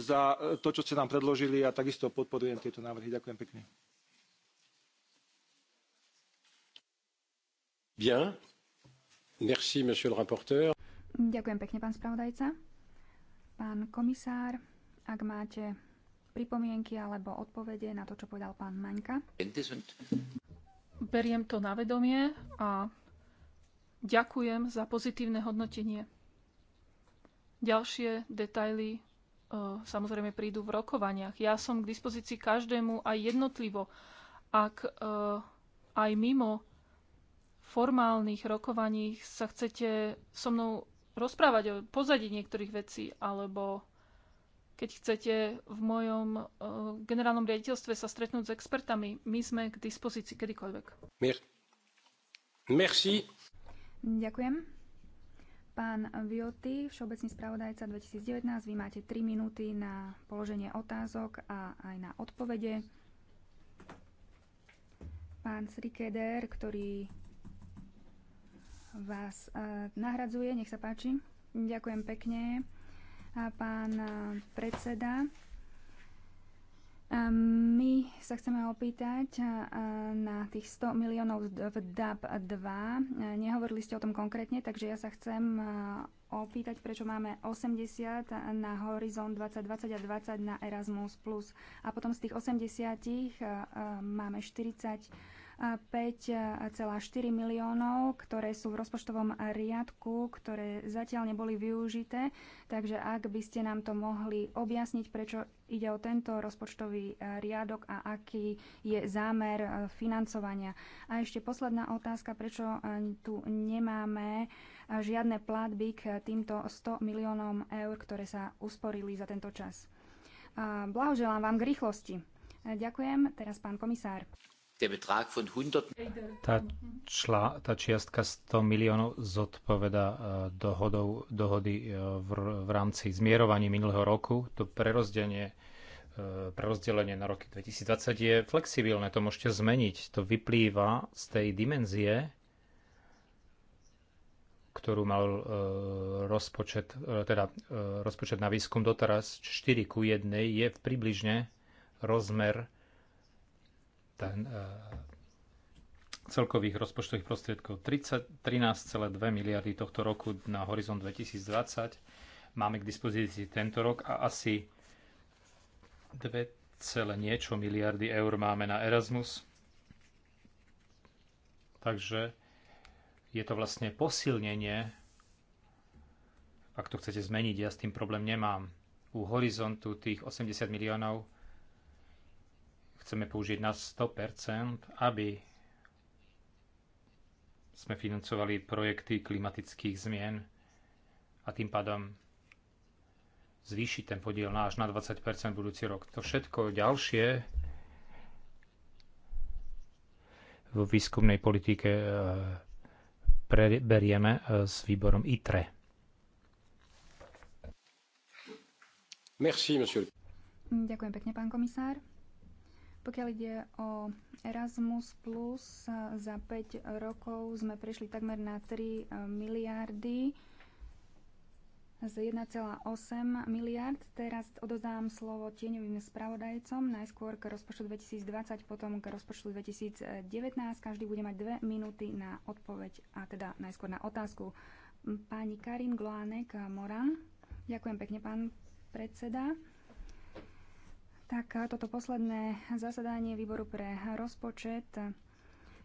za to, čo ste nám predložili a takisto podporujem tieto návrhy. Ďakujem pekne. Bien. Merci, monsieur le rapporteur. Ďakujem pekne, pán spravodajca. Pán komisár, ak máte pripomienky alebo odpovede na to, čo povedal pán Maňka. Beriem to na vedomie a ďakujem za pozitívne hodnotenie. Ďalšie detaily e, samozrejme prídu v rokovaniach. Ja som k dispozícii každému aj jednotlivo, ak e, aj mimo formálnych rokovaní sa chcete so mnou rozprávať o pozadí niektorých vecí, alebo keď chcete v mojom uh, generálnom riaditeľstve sa stretnúť s expertami, my sme k dispozícii kedykoľvek. Merci. Ďakujem. Pán Vioty, všeobecný spravodajca 2019, vy máte 3 minúty na položenie otázok a aj na odpovede. Pán Srikeder, ktorý vás e, nahradzuje. Nech sa páči. Ďakujem pekne, pán e, predseda. E, my sa chceme opýtať na tých 100 miliónov v DAP 2. Nehovorili ste o tom konkrétne, takže ja sa chcem opýtať, prečo máme 80 na Horizon 2020 a 20 na Erasmus+. A potom z tých 80 máme 40 5,4 miliónov, ktoré sú v rozpočtovom riadku, ktoré zatiaľ neboli využité. Takže ak by ste nám to mohli objasniť, prečo ide o tento rozpočtový e, riadok a aký je zámer e, financovania. A ešte posledná otázka, prečo e, tu nemáme žiadne platby k týmto 100 miliónom eur, ktoré sa usporili za tento čas. Blahoželám vám k rýchlosti. Ďakujem. Teraz pán komisár. Tá, čla, tá čiastka 100 miliónov zodpoveda e, dohody e, v, v rámci zmierovaní minulého roku. To prerozdelenie, e, prerozdelenie na roky 2020 je flexibilné, to môžete zmeniť. To vyplýva z tej dimenzie, ktorú mal rozpočet, teda rozpočet na výskum doteraz 4 ku 1 je približne rozmer ten, e, celkových rozpočtových prostriedkov 13,2 miliardy tohto roku na horizont 2020. Máme k dispozícii tento rok a asi 2, niečo miliardy eur máme na Erasmus. Takže je to vlastne posilnenie, ak to chcete zmeniť, ja s tým problém nemám, u horizontu tých 80 miliónov chceme použiť na 100%, aby sme financovali projekty klimatických zmien a tým pádom zvýšiť ten podiel na až na 20% budúci rok. To všetko ďalšie vo výskumnej politike e, preberieme e, s výborom ITRE. Merci, monsieur. Ďakujem pekne, pán komisár. Pokiaľ ide o Erasmus+, plus, za 5 rokov sme prešli takmer na 3 eh, miliardy z 1,8 miliard. Teraz odozám slovo tieňovým spravodajcom, najskôr k rozpočtu 2020, potom k rozpočtu 2019. Každý bude mať dve minúty na odpoveď, a teda najskôr na otázku. Pani Karin Gloánek Moran. Ďakujem pekne, pán predseda. Tak toto posledné zasadanie výboru pre rozpočet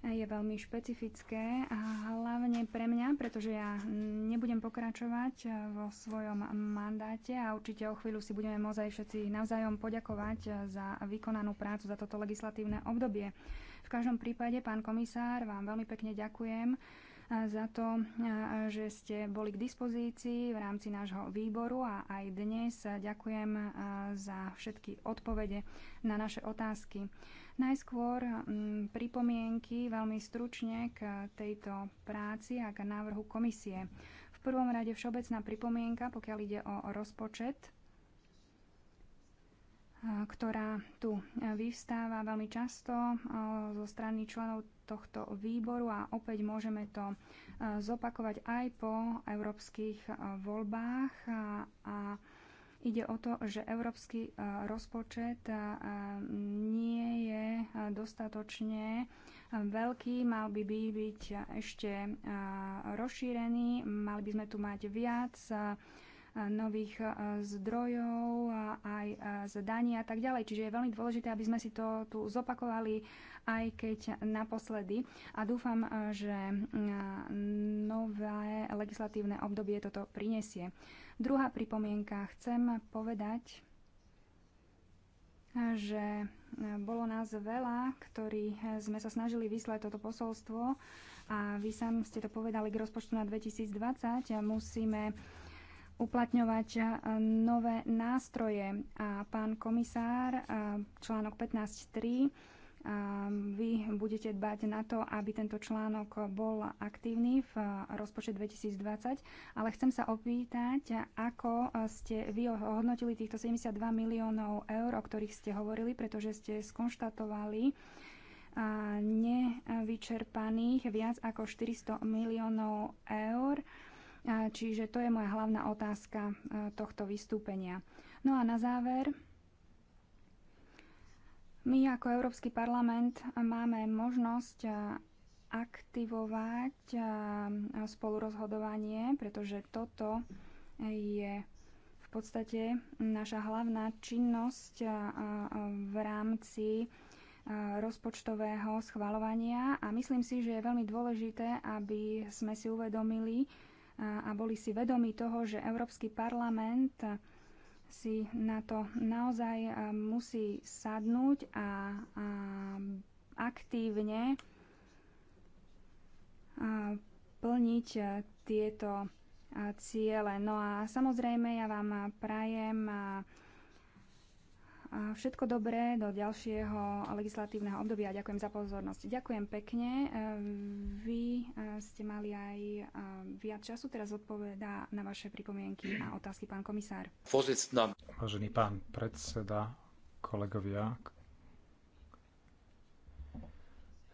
je veľmi špecifické a hlavne pre mňa, pretože ja nebudem pokračovať vo svojom mandáte a určite o chvíľu si budeme aj všetci navzájom poďakovať za vykonanú prácu za toto legislatívne obdobie. V každom prípade, pán komisár, vám veľmi pekne ďakujem za to, že ste boli k dispozícii v rámci nášho výboru a aj dnes ďakujem za všetky odpovede na naše otázky. Najskôr pripomienky veľmi stručne k tejto práci a k návrhu komisie. V prvom rade všeobecná pripomienka, pokiaľ ide o rozpočet ktorá tu e, vyvstáva veľmi často e, zo strany členov tohto výboru a opäť môžeme to e, zopakovať aj po európskych voľbách a, a Ide o to, že európsky rozpočet nie je dostatočne veľký, mal by byť ešte rozšírený, mali by sme tu mať viac Eh, nových eh, zdrojov, aj eh, z a tak ďalej. Čiže je veľmi dôležité, aby sme si to tu zopakovali, aj keď naposledy. A dúfam, že nové legislatívne obdobie toto prinesie. Druhá pripomienka. Chcem povedať, že bolo nás veľa, ktorí sme sa snažili vyslať toto posolstvo a vy sám ste to povedali k rozpočtu na 2020. Musíme uplatňovať nové nástroje. A pán komisár, článok 15.3 vy budete dbať na to, aby tento článok bol aktívny v rozpočet 2020, ale chcem sa opýtať, ako ste vy ohodnotili týchto 72 miliónov eur, o ktorých ste hovorili, pretože ste skonštatovali nevyčerpaných viac ako 400 miliónov eur Čiže to je moja hlavná otázka tohto vystúpenia. No a na záver, my ako Európsky parlament máme možnosť aktivovať spolurozhodovanie, pretože toto je v podstate naša hlavná činnosť v rámci rozpočtového schvalovania a myslím si, že je veľmi dôležité, aby sme si uvedomili, a boli si vedomi toho, že Európsky parlament si na to naozaj musí sadnúť a, a aktívne plniť tieto ciele. No a samozrejme ja vám prajem všetko dobré do ďalšieho legislatívneho obdobia. Ďakujem za pozornosť. Ďakujem pekne. Ehm, vy eh, ste mali aj eh, viac času. Teraz odpoveda na vaše pripomienky a otázky pán komisár. Vážený pán predseda, kolegovia,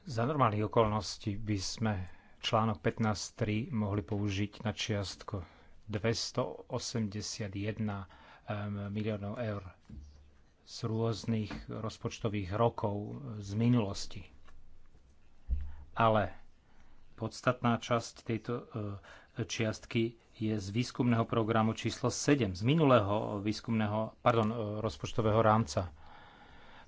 za normálnych okolností by sme článok 15.3 mohli použiť na čiastko 281 ehm, miliónov eur z rôznych rozpočtových rokov z minulosti. Ale podstatná časť tejto e, čiastky je z výskumného programu číslo 7, z minulého výskumného, pardon, e, rozpočtového rámca.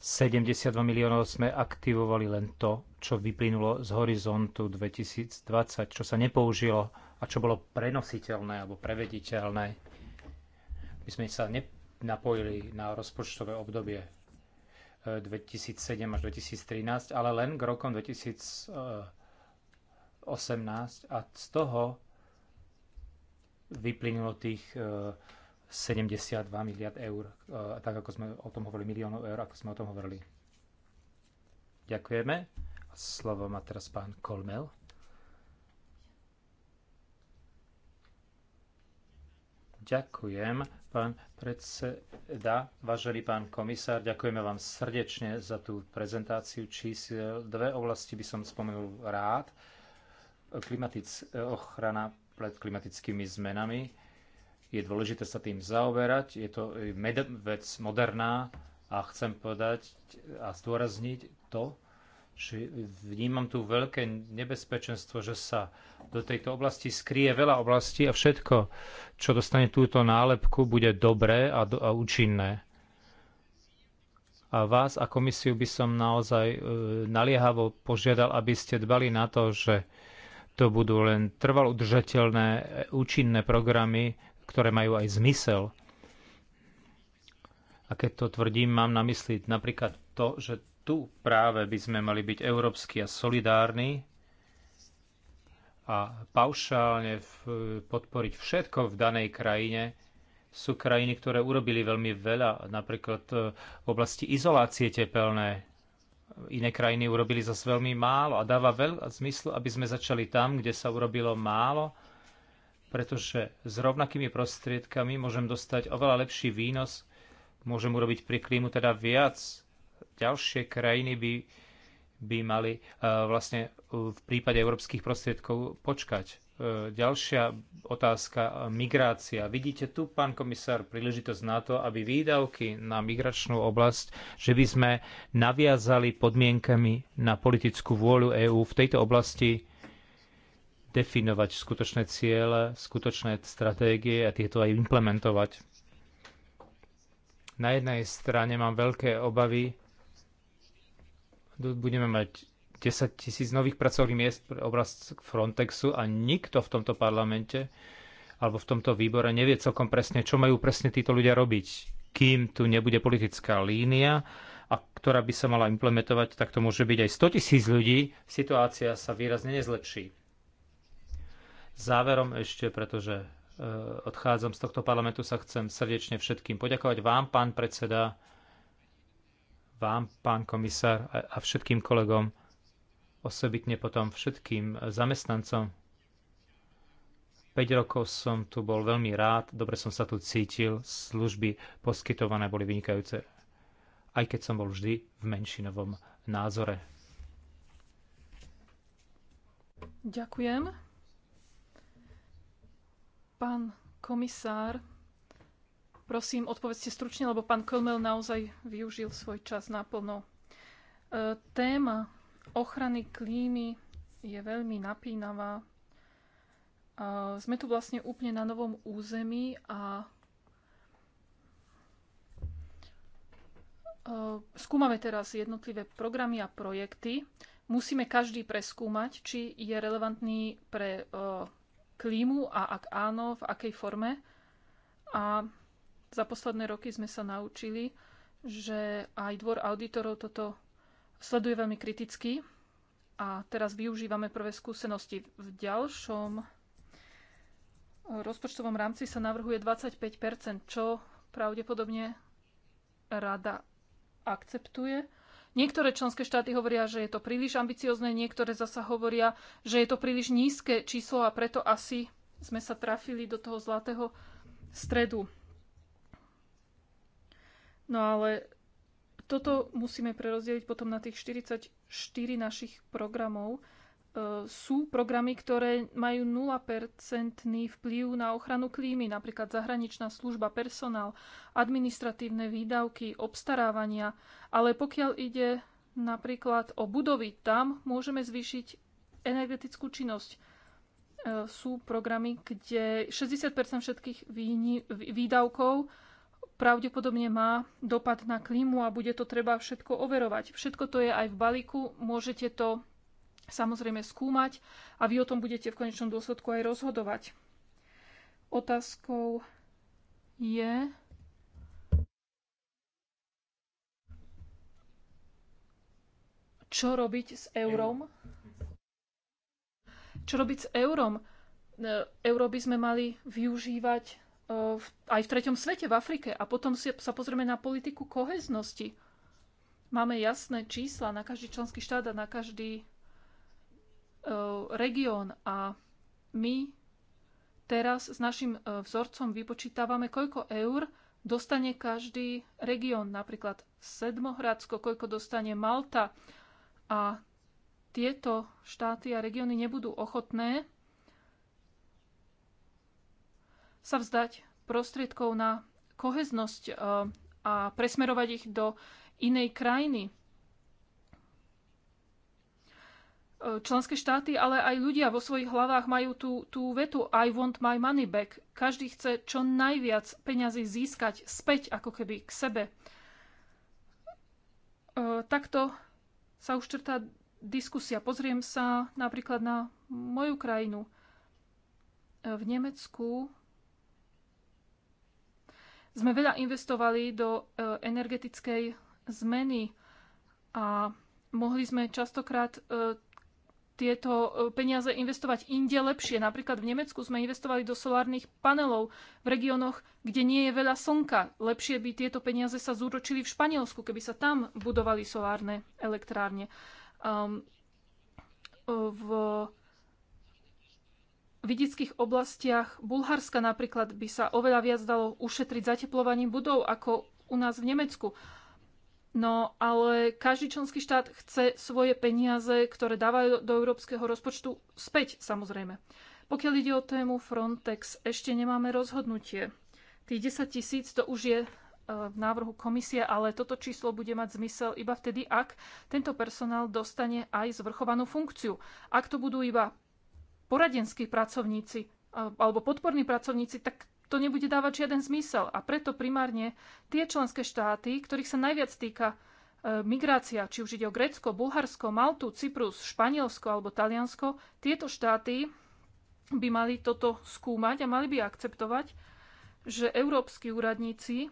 72 miliónov sme aktivovali len to, čo vyplynulo z horizontu 2020, čo sa nepoužilo a čo bolo prenositeľné alebo prevediteľné. My sme sa ne, napojili na rozpočtové obdobie 2007 eh, až 2013, ale len k rokom 2018 a z toho vyplynulo tých 72 eh, miliard eur, eh, tak ako sme o tom hovorili, miliónov eur, ako sme o tom hovorili. Ďakujeme. A slovo má teraz pán Kolmel. Ďakujem. Pán predseda, vážený pán komisár, ďakujeme vám srdečne za tú prezentáciu čísiel. Dve oblasti by som spomenul rád. Klimatic, eh, ochrana pred klimatickými zmenami. Je dôležité sa tým zaoberať. Je to eh, vec moderná a chcem povedať a zdôrazniť to, že vnímam tu veľké nebezpečenstvo, že sa do tejto oblasti skrie veľa oblastí a všetko, čo dostane túto nálepku, bude dobré a, do, a účinné. A vás a komisiu by som naozaj e, naliehavo požiadal, aby ste dbali na to, že to budú len trvalo udržateľné e, účinné programy, ktoré majú aj zmysel. A keď to tvrdím, mám na mysli napríklad to, že tu práve by sme mali byť európsky a solidárni a paušálne podporiť všetko v danej krajine. Sú krajiny, ktoré urobili veľmi veľa, napríklad e, v oblasti izolácie tepelné. Iné krajiny urobili zase veľmi málo a dáva veľa zmyslu, aby sme začali tam, kde sa urobilo málo, pretože s rovnakými prostriedkami môžem dostať oveľa lepší výnos, môžem urobiť pri klímu teda viac, ďalšie krajiny by, by mali e, vlastne e, v prípade európskych prostriedkov počkať. E, ďalšia otázka, migrácia. Vidíte tu, pán komisár, príležitosť na to, aby výdavky na migračnú oblasť, že by sme naviazali podmienkami na politickú vôľu EÚ v tejto oblasti definovať skutočné ciele, skutočné stratégie a tieto aj implementovať. Na jednej strane mám veľké obavy budeme mať 10 tisíc nových pracovných miest pre obraz Frontexu a nikto v tomto parlamente alebo v tomto výbore nevie celkom presne, čo majú presne títo ľudia robiť. Kým tu nebude politická línia, a ktorá by sa mala implementovať, tak to môže byť aj 100 tisíc ľudí, situácia sa výrazne nezlepší. Záverom ešte, pretože eh, odchádzam z tohto parlamentu, sa chcem srdečne všetkým poďakovať vám, pán predseda, vám, pán komisár, a všetkým kolegom, osobitne potom všetkým zamestnancom. 5 rokov som tu bol veľmi rád, dobre som sa tu cítil, služby poskytované boli vynikajúce, aj keď som bol vždy v menšinovom názore. Ďakujem. Pán komisár, Prosím, odpovedzte stručne, lebo pán Kölmel naozaj využil svoj čas naplno. E, téma ochrany klímy je veľmi napínavá. E, sme tu vlastne úplne na novom území a e, skúmame teraz jednotlivé programy a projekty. Musíme každý preskúmať, či je relevantný pre klímu a ak áno, v akej forme. A za posledné roky sme sa naučili, že aj dvor auditorov toto sleduje veľmi kriticky a teraz využívame prvé skúsenosti. V ďalšom rozpočtovom rámci sa navrhuje 25 čo pravdepodobne rada akceptuje. Niektoré členské štáty hovoria, že je to príliš ambiciozne, niektoré zasa hovoria, že je to príliš nízke číslo a preto asi sme sa trafili do toho zlatého stredu. No ale toto musíme prerozdeliť potom na tých 44 našich programov. E, sú programy, ktoré majú 0% vplyv na ochranu klímy, napríklad zahraničná služba, personál, administratívne výdavky, obstarávania. Ale pokiaľ ide napríklad o budovy, tam môžeme zvýšiť energetickú činnosť. E, sú programy, kde 60% všetkých výni, výdavkov pravdepodobne má dopad na klímu a bude to treba všetko overovať. Všetko to je aj v balíku, môžete to samozrejme skúmať a vy o tom budete v konečnom dôsledku aj rozhodovať. Otázkou je, čo robiť s eurom. Čo robiť s eurom? E, euro by sme mali využívať E, aj v treťom svete, v Afrike. A potom sa pozrieme na politiku koheznosti. Máme jasné čísla na každý členský štát a na každý e, región. A my teraz s našim e, vzorcom vypočítavame, koľko eur dostane každý región. Napríklad Sedmohradsko, koľko dostane Malta. A tieto štáty a regióny nebudú ochotné sa vzdať prostriedkov na koheznosť eh, a presmerovať ich do inej krajiny. Eh, členské štáty, ale aj ľudia vo svojich hlavách majú tú, tú vetu I want my money back. Každý chce čo najviac peňazí získať späť ako keby k sebe. E, takto sa už črtá diskusia. Pozriem sa napríklad na moju krajinu. E, v Nemecku sme veľa investovali do e, energetickej zmeny a mohli sme častokrát e, tieto e, peniaze investovať inde lepšie. Napríklad v Nemecku sme investovali do solárnych panelov v regiónoch, kde nie je veľa slnka. Lepšie by tieto peniaze sa zúročili v Španielsku, keby sa tam budovali solárne elektrárne. Um, v vidických oblastiach Bulharska napríklad by sa oveľa viac dalo ušetriť zateplovaním budov ako u nás v Nemecku. No ale každý členský štát chce svoje peniaze, ktoré dávajú do európskeho rozpočtu, späť samozrejme. Pokiaľ ide o tému Frontex, ešte nemáme rozhodnutie. Tých 10 tisíc to už je e, v návrhu komisie, ale toto číslo bude mať zmysel iba vtedy, ak tento personál dostane aj zvrchovanú funkciu. Ak to budú iba poradenskí pracovníci alebo podporní pracovníci, tak to nebude dávať žiaden zmysel. A preto primárne tie členské štáty, ktorých sa najviac týka e, migrácia, či už ide o Grécko, Bulharsko, Maltu, Cyprus, Španielsko alebo Taliansko, tieto štáty by mali toto skúmať a mali by akceptovať, že európsky úradníci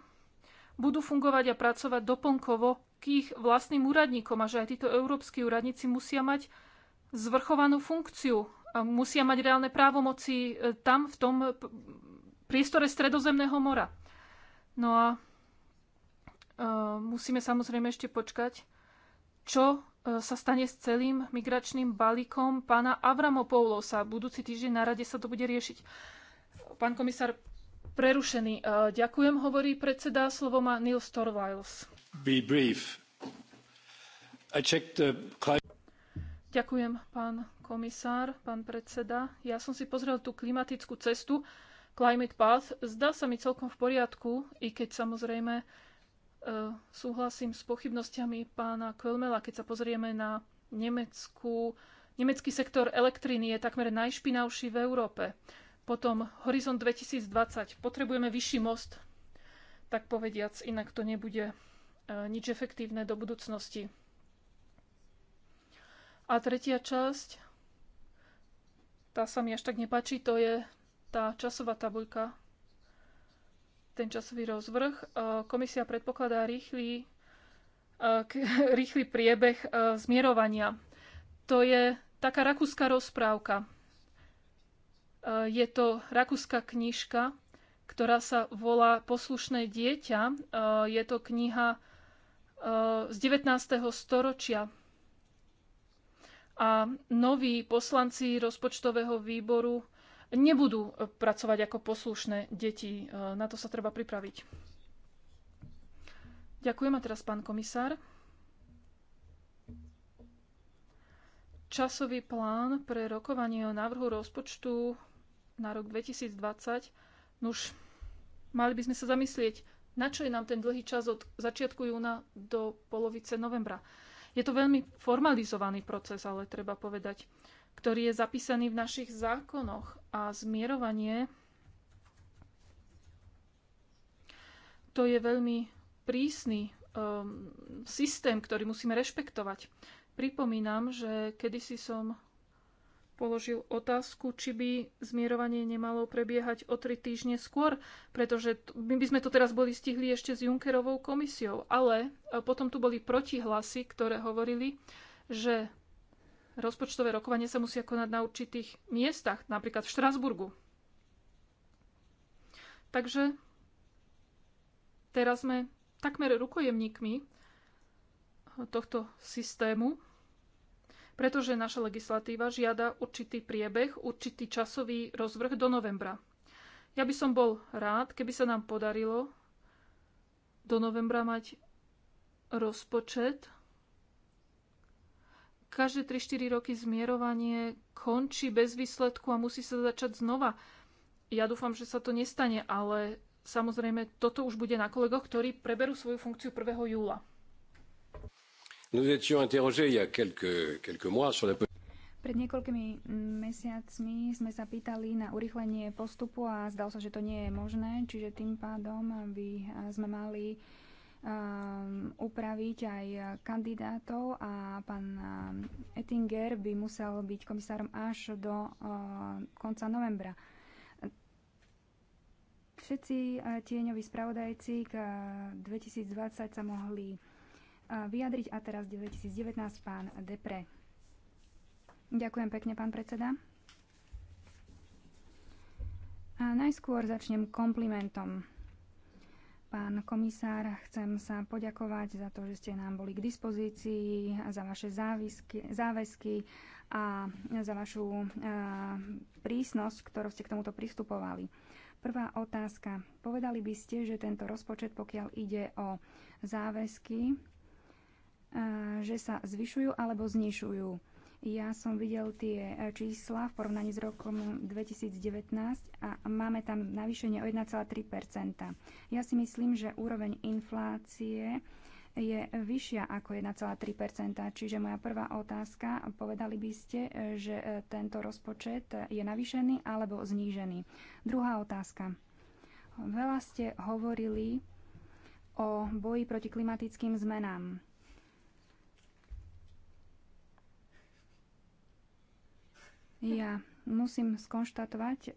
budú fungovať a pracovať doplnkovo k ich vlastným úradníkom a že aj títo európsky úradníci musia mať zvrchovanú funkciu musia mať reálne právomoci e, tam, v tom priestore Stredozemného mora. No a e, musíme samozrejme ešte počkať, čo e, sa stane s celým migračným balíkom pána Avramopoulosa. Budúci týždeň na rade sa to bude riešiť. Pán komisár, prerušený. Ďakujem, hovorí predseda. Slovo má Neil Storviles. Be brief. I checked the... Ďakujem, pán komisár, pán predseda. Ja som si pozrel tú klimatickú cestu, Climate Path. Zdá sa mi celkom v poriadku, i keď samozrejme e, súhlasím s pochybnosťami pána Kölmela, keď sa pozrieme na Nemecku. Nemecký sektor elektriny je takmer najšpinavší v Európe. Potom Horizont 2020. Potrebujeme vyšší most, tak povediac, inak to nebude e, nič efektívne do budúcnosti. A tretia časť tá sa mi až tak nepáči, to je tá časová tabuľka, ten časový rozvrh. E, komisia predpokladá rýchly, e, rýchly priebeh e, zmierovania. To je taká rakúska rozprávka. Je to rakúska knižka, ktorá sa volá Poslušné dieťa. Je to kniha z 19. storočia a noví poslanci rozpočtového výboru nebudú pracovať ako poslušné deti. E, na to sa treba pripraviť. Ďakujem a teraz pán komisár. Časový plán pre rokovanie o návrhu rozpočtu na rok 2020. Nuž, mali by sme sa zamyslieť, na čo je nám ten dlhý čas od začiatku júna do polovice novembra. Je to veľmi formalizovaný proces, ale treba povedať, ktorý je zapísaný v našich zákonoch a zmierovanie to je veľmi prísny um, systém, ktorý musíme rešpektovať. Pripomínam, že kedysi som položil otázku, či by zmierovanie nemalo prebiehať o tri týždne skôr, pretože my by sme to teraz boli stihli ešte s Junckerovou komisiou. Ale e, potom tu boli protihlasy, ktoré hovorili, že rozpočtové rokovanie sa musia konať na určitých miestach, napríklad v Štrasburgu. Takže teraz sme takmer rukojemníkmi tohto systému pretože naša legislatíva žiada určitý priebeh, určitý časový rozvrh do novembra. Ja by som bol rád, keby sa nám podarilo do novembra mať rozpočet. Každé 3-4 roky zmierovanie končí bez výsledku a musí sa začať znova. Ja dúfam, že sa to nestane, ale samozrejme toto už bude na kolegoch, ktorí preberú svoju funkciu 1. júla. Nous étions interrogés il y a quelques, quelques mois sur la pred niekoľkými mesiacmi sme sa pýtali na urychlenie postupu a zdalo sa, že to nie je možné, čiže tým pádom by eh, sme mali um, upraviť aj kandidátov a pán eh, Ettinger by musel byť komisárom až do uh, konca novembra. Všetci tieňoví spravodajci k 2020 sa mohli vyjadriť. A teraz 2019 pán Depre. Ďakujem pekne, pán predseda. A najskôr začnem komplimentom. Pán komisár, chcem sa poďakovať za to, že ste nám boli k dispozícii, za vaše závisky, záväzky a za vašu e, prísnosť, ktorou ste k tomuto pristupovali. Prvá otázka. Povedali by ste, že tento rozpočet, pokiaľ ide o záväzky, že sa zvyšujú alebo znišujú. Ja som videl tie e, čísla v porovnaní s rokom 2019 a máme tam navýšenie o 1,3 Ja si myslím, že úroveň inflácie je vyššia ako 1,3 Čiže moja prvá otázka, povedali by ste, e, že e, tento rozpočet je navýšený alebo znížený? Druhá otázka. Veľa ste hovorili o boji proti klimatickým zmenám. Ja musím skonštatovať, e,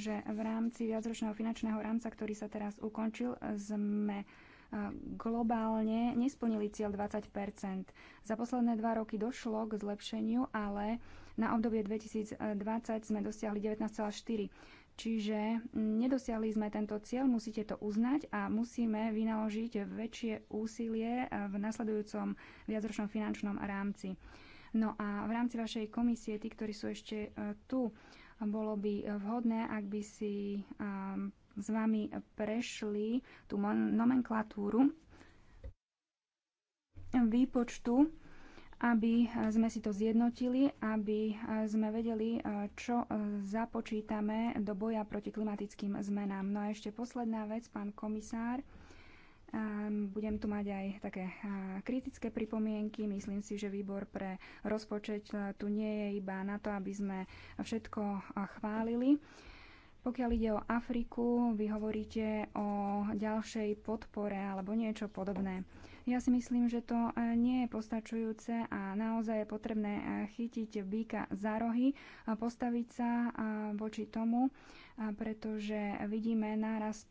že v rámci viacročného finančného rámca, ktorý sa teraz ukončil, sme e, globálne nesplnili cieľ 20 Za posledné dva roky došlo k zlepšeniu, ale na obdobie 2020 sme dosiahli 19,4 Čiže nedosiahli sme tento cieľ, musíte to uznať a musíme vynaložiť väčšie úsilie e, v nasledujúcom viacročnom finančnom rámci. No a v rámci vašej komisie, tí, ktorí sú ešte e, tu, bolo by e, vhodné, ak by si e, s vami prešli tú nomenklatúru výpočtu, aby sme si to zjednotili, aby sme vedeli, čo započítame do boja proti klimatickým zmenám. No a ešte posledná vec, pán komisár. Ehm, budem tu mať aj také kritické pripomienky. Myslím si, že výbor pre rozpočet e, tu nie je iba na to, aby sme všetko chválili. Pokiaľ ide o Afriku, vy hovoríte o ďalšej podpore alebo niečo podobné. Ja si myslím, že to e, nie je postačujúce a naozaj je potrebné e, chytiť býka za rohy, a postaviť sa voči tomu, pretože vidíme nárast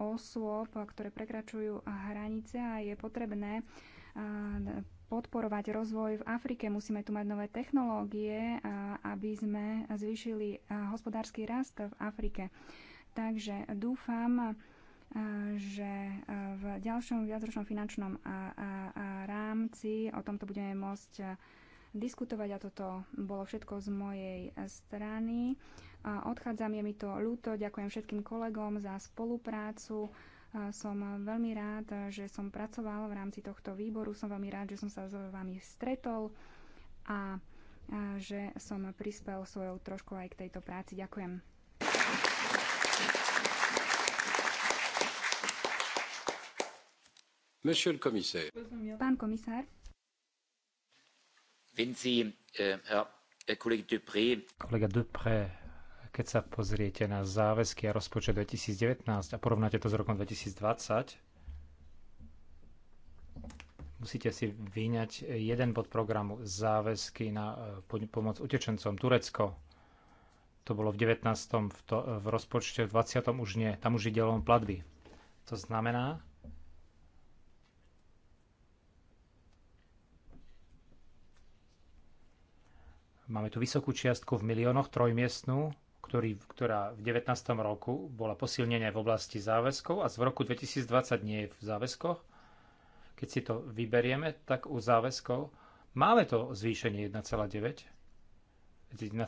osôb, ktoré prekračujú hranice a je potrebné podporovať rozvoj v Afrike. Musíme tu mať nové technológie, aby sme zvýšili hospodársky rast v Afrike. Takže dúfam, že v ďalšom viacročnom finančnom rámci o tomto budeme môcť diskutovať a toto bolo všetko z mojej strany. A odchádzam, je mi to ľúto, ďakujem všetkým kolegom za spoluprácu. Som veľmi rád, že som pracoval v rámci tohto výboru, som veľmi rád, že som sa s vami stretol a že som prispel svojou trošku aj k tejto práci. Ďakujem. Pán komisár. Wenn eh, eh, eh, Dupré, Dupré, keď sa pozriete na záväzky a rozpočet 2019 a porovnáte to s rokom 2020, musíte si vyňať jeden bod programu záväzky na e, pomoc utečencom Turecko. To bolo v 19. v, to, v rozpočte, v 20. už nie, tam už ide len platby. To znamená, máme tu vysokú čiastku v miliónoch, trojmiestnú, ktorý, ktorá v 19. roku bola posilnenia v oblasti záväzkov a z roku 2020 nie je v záväzkoch. Keď si to vyberieme, tak u záväzkov máme to zvýšenie 1,9 1,9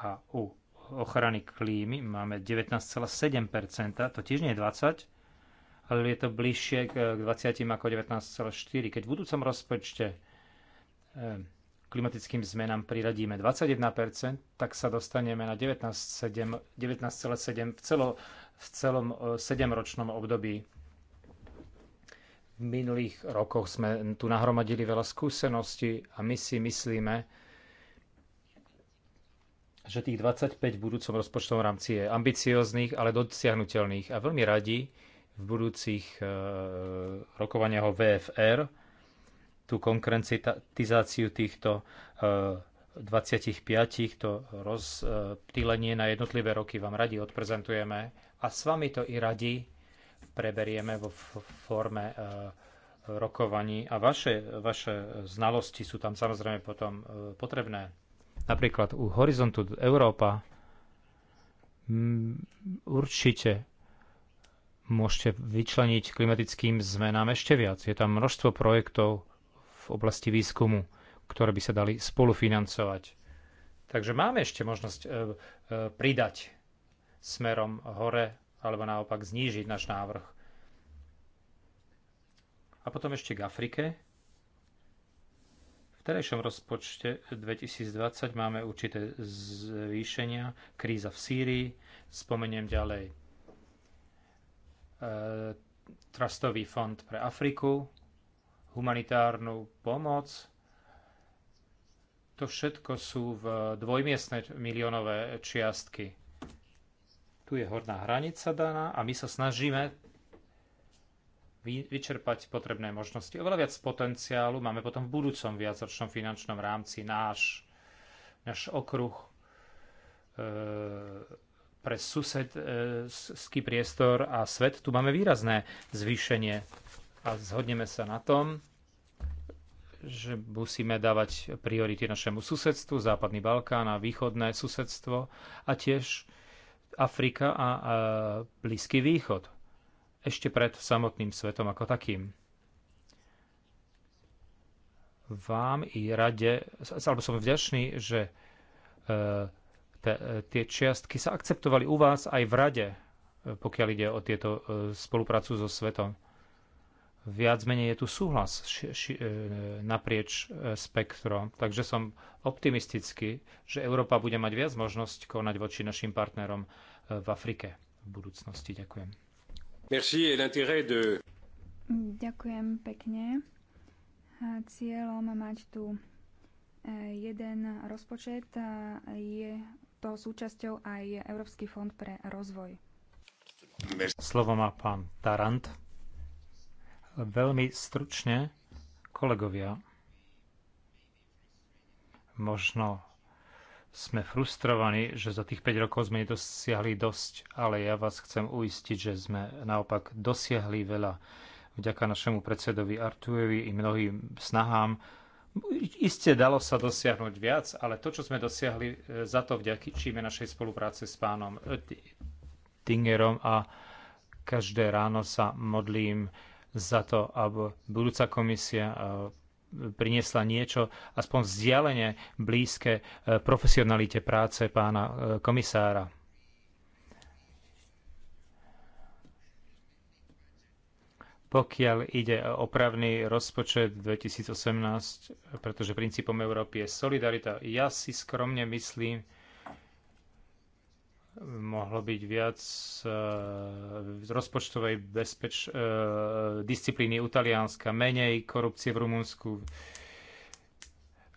a u ochrany klímy máme 19,7 to tiež nie je 20 ale je to bližšie k 20 ako 19,4. Keď v budúcom rozpočte eh, klimatickým zmenám priradíme 21%, tak sa dostaneme na 19,7 19 v, celo, v celom 7-ročnom e, období. V minulých rokoch sme tu nahromadili veľa skúseností a my si myslíme, že tých 25 v budúcom rozpočtovom rámci je ambicióznych, ale dosiahnutelných a veľmi radi v budúcich e, rokovaniach o VFR tú konkretizáciu týchto 25, eh, to rozptýlenie na jednotlivé roky vám radi odprezentujeme a s vami to i radi preberieme vo forme eh, rokovaní a vaše, vaše znalosti sú tam samozrejme potom eh, potrebné. Napríklad u Horizontu Európa mm, určite môžete vyčleniť klimatickým zmenám ešte viac. Je tam množstvo projektov, oblasti výskumu, ktoré by sa dali spolufinancovať. Takže máme ešte možnosť e, e, pridať smerom hore alebo naopak znížiť náš návrh. A potom ešte k Afrike. V terajšom rozpočte 2020 máme určité zvýšenia, kríza v Sýrii, spomeniem ďalej e, Trustový fond pre Afriku, humanitárnu pomoc. To všetko sú v dvojmiestne miliónové čiastky. Tu je horná hranica daná a my sa snažíme vyčerpať potrebné možnosti. Oveľa viac potenciálu máme potom v budúcom viacročnom finančnom rámci náš, náš okruh e, pre susedský e, priestor a svet. Tu máme výrazné zvýšenie a zhodneme sa na tom, že musíme dávať priority našemu susedstvu, Západný Balkán a východné susedstvo a tiež Afrika a, a Blízky východ. Ešte pred samotným svetom ako takým. Vám i rade, alebo som vďačný, že e, te, tie čiastky sa akceptovali u vás aj v rade, e, pokiaľ ide o tieto e, spoluprácu so svetom viac menej je tu súhlas ši, ši, e, naprieč e, spektrom. Takže som optimistický, že Európa bude mať viac možnosť konať voči našim partnerom e, v Afrike v budúcnosti. Ďakujem. Merci et de... Ďakujem pekne. Cieľom mať tu jeden rozpočet je to súčasťou aj Európsky fond pre rozvoj. Slovo má pán Tarant. Veľmi stručne, kolegovia, možno sme frustrovaní, že za tých 5 rokov sme nedosiahli dosť, ale ja vás chcem uistiť, že sme naopak dosiahli veľa vďaka našemu predsedovi Artujevi i mnohým snahám. Isté dalo sa dosiahnuť viac, ale to, čo sme dosiahli, e, za to vďačíme našej spolupráce s pánom e, Tingerom a každé ráno sa modlím za to, aby budúca komisia e, priniesla niečo aspoň vzdialene blízke e, profesionalite práce pána e, komisára. Pokiaľ ide o opravný rozpočet 2018, pretože princípom Európy je solidarita, ja si skromne myslím, mohlo byť viac eh, rozpočtovej bezpeč, eh, disciplíny u Talianska, menej korupcie v Rumunsku.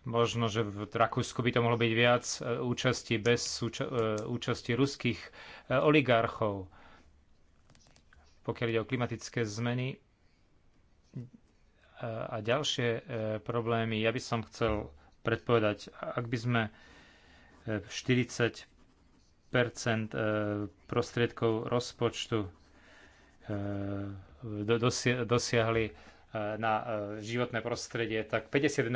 Možno, že v Rakúsku by to mohlo byť viac eh, účasti bez súča- účasti ruských oligarchov. Pokiaľ ide o klimatické zmeny a ďalšie problémy, ja by som chcel predpovedať, ak by sme 40 E, prostriedkov rozpočtu e, dosiahli e, na životné prostredie, tak 51%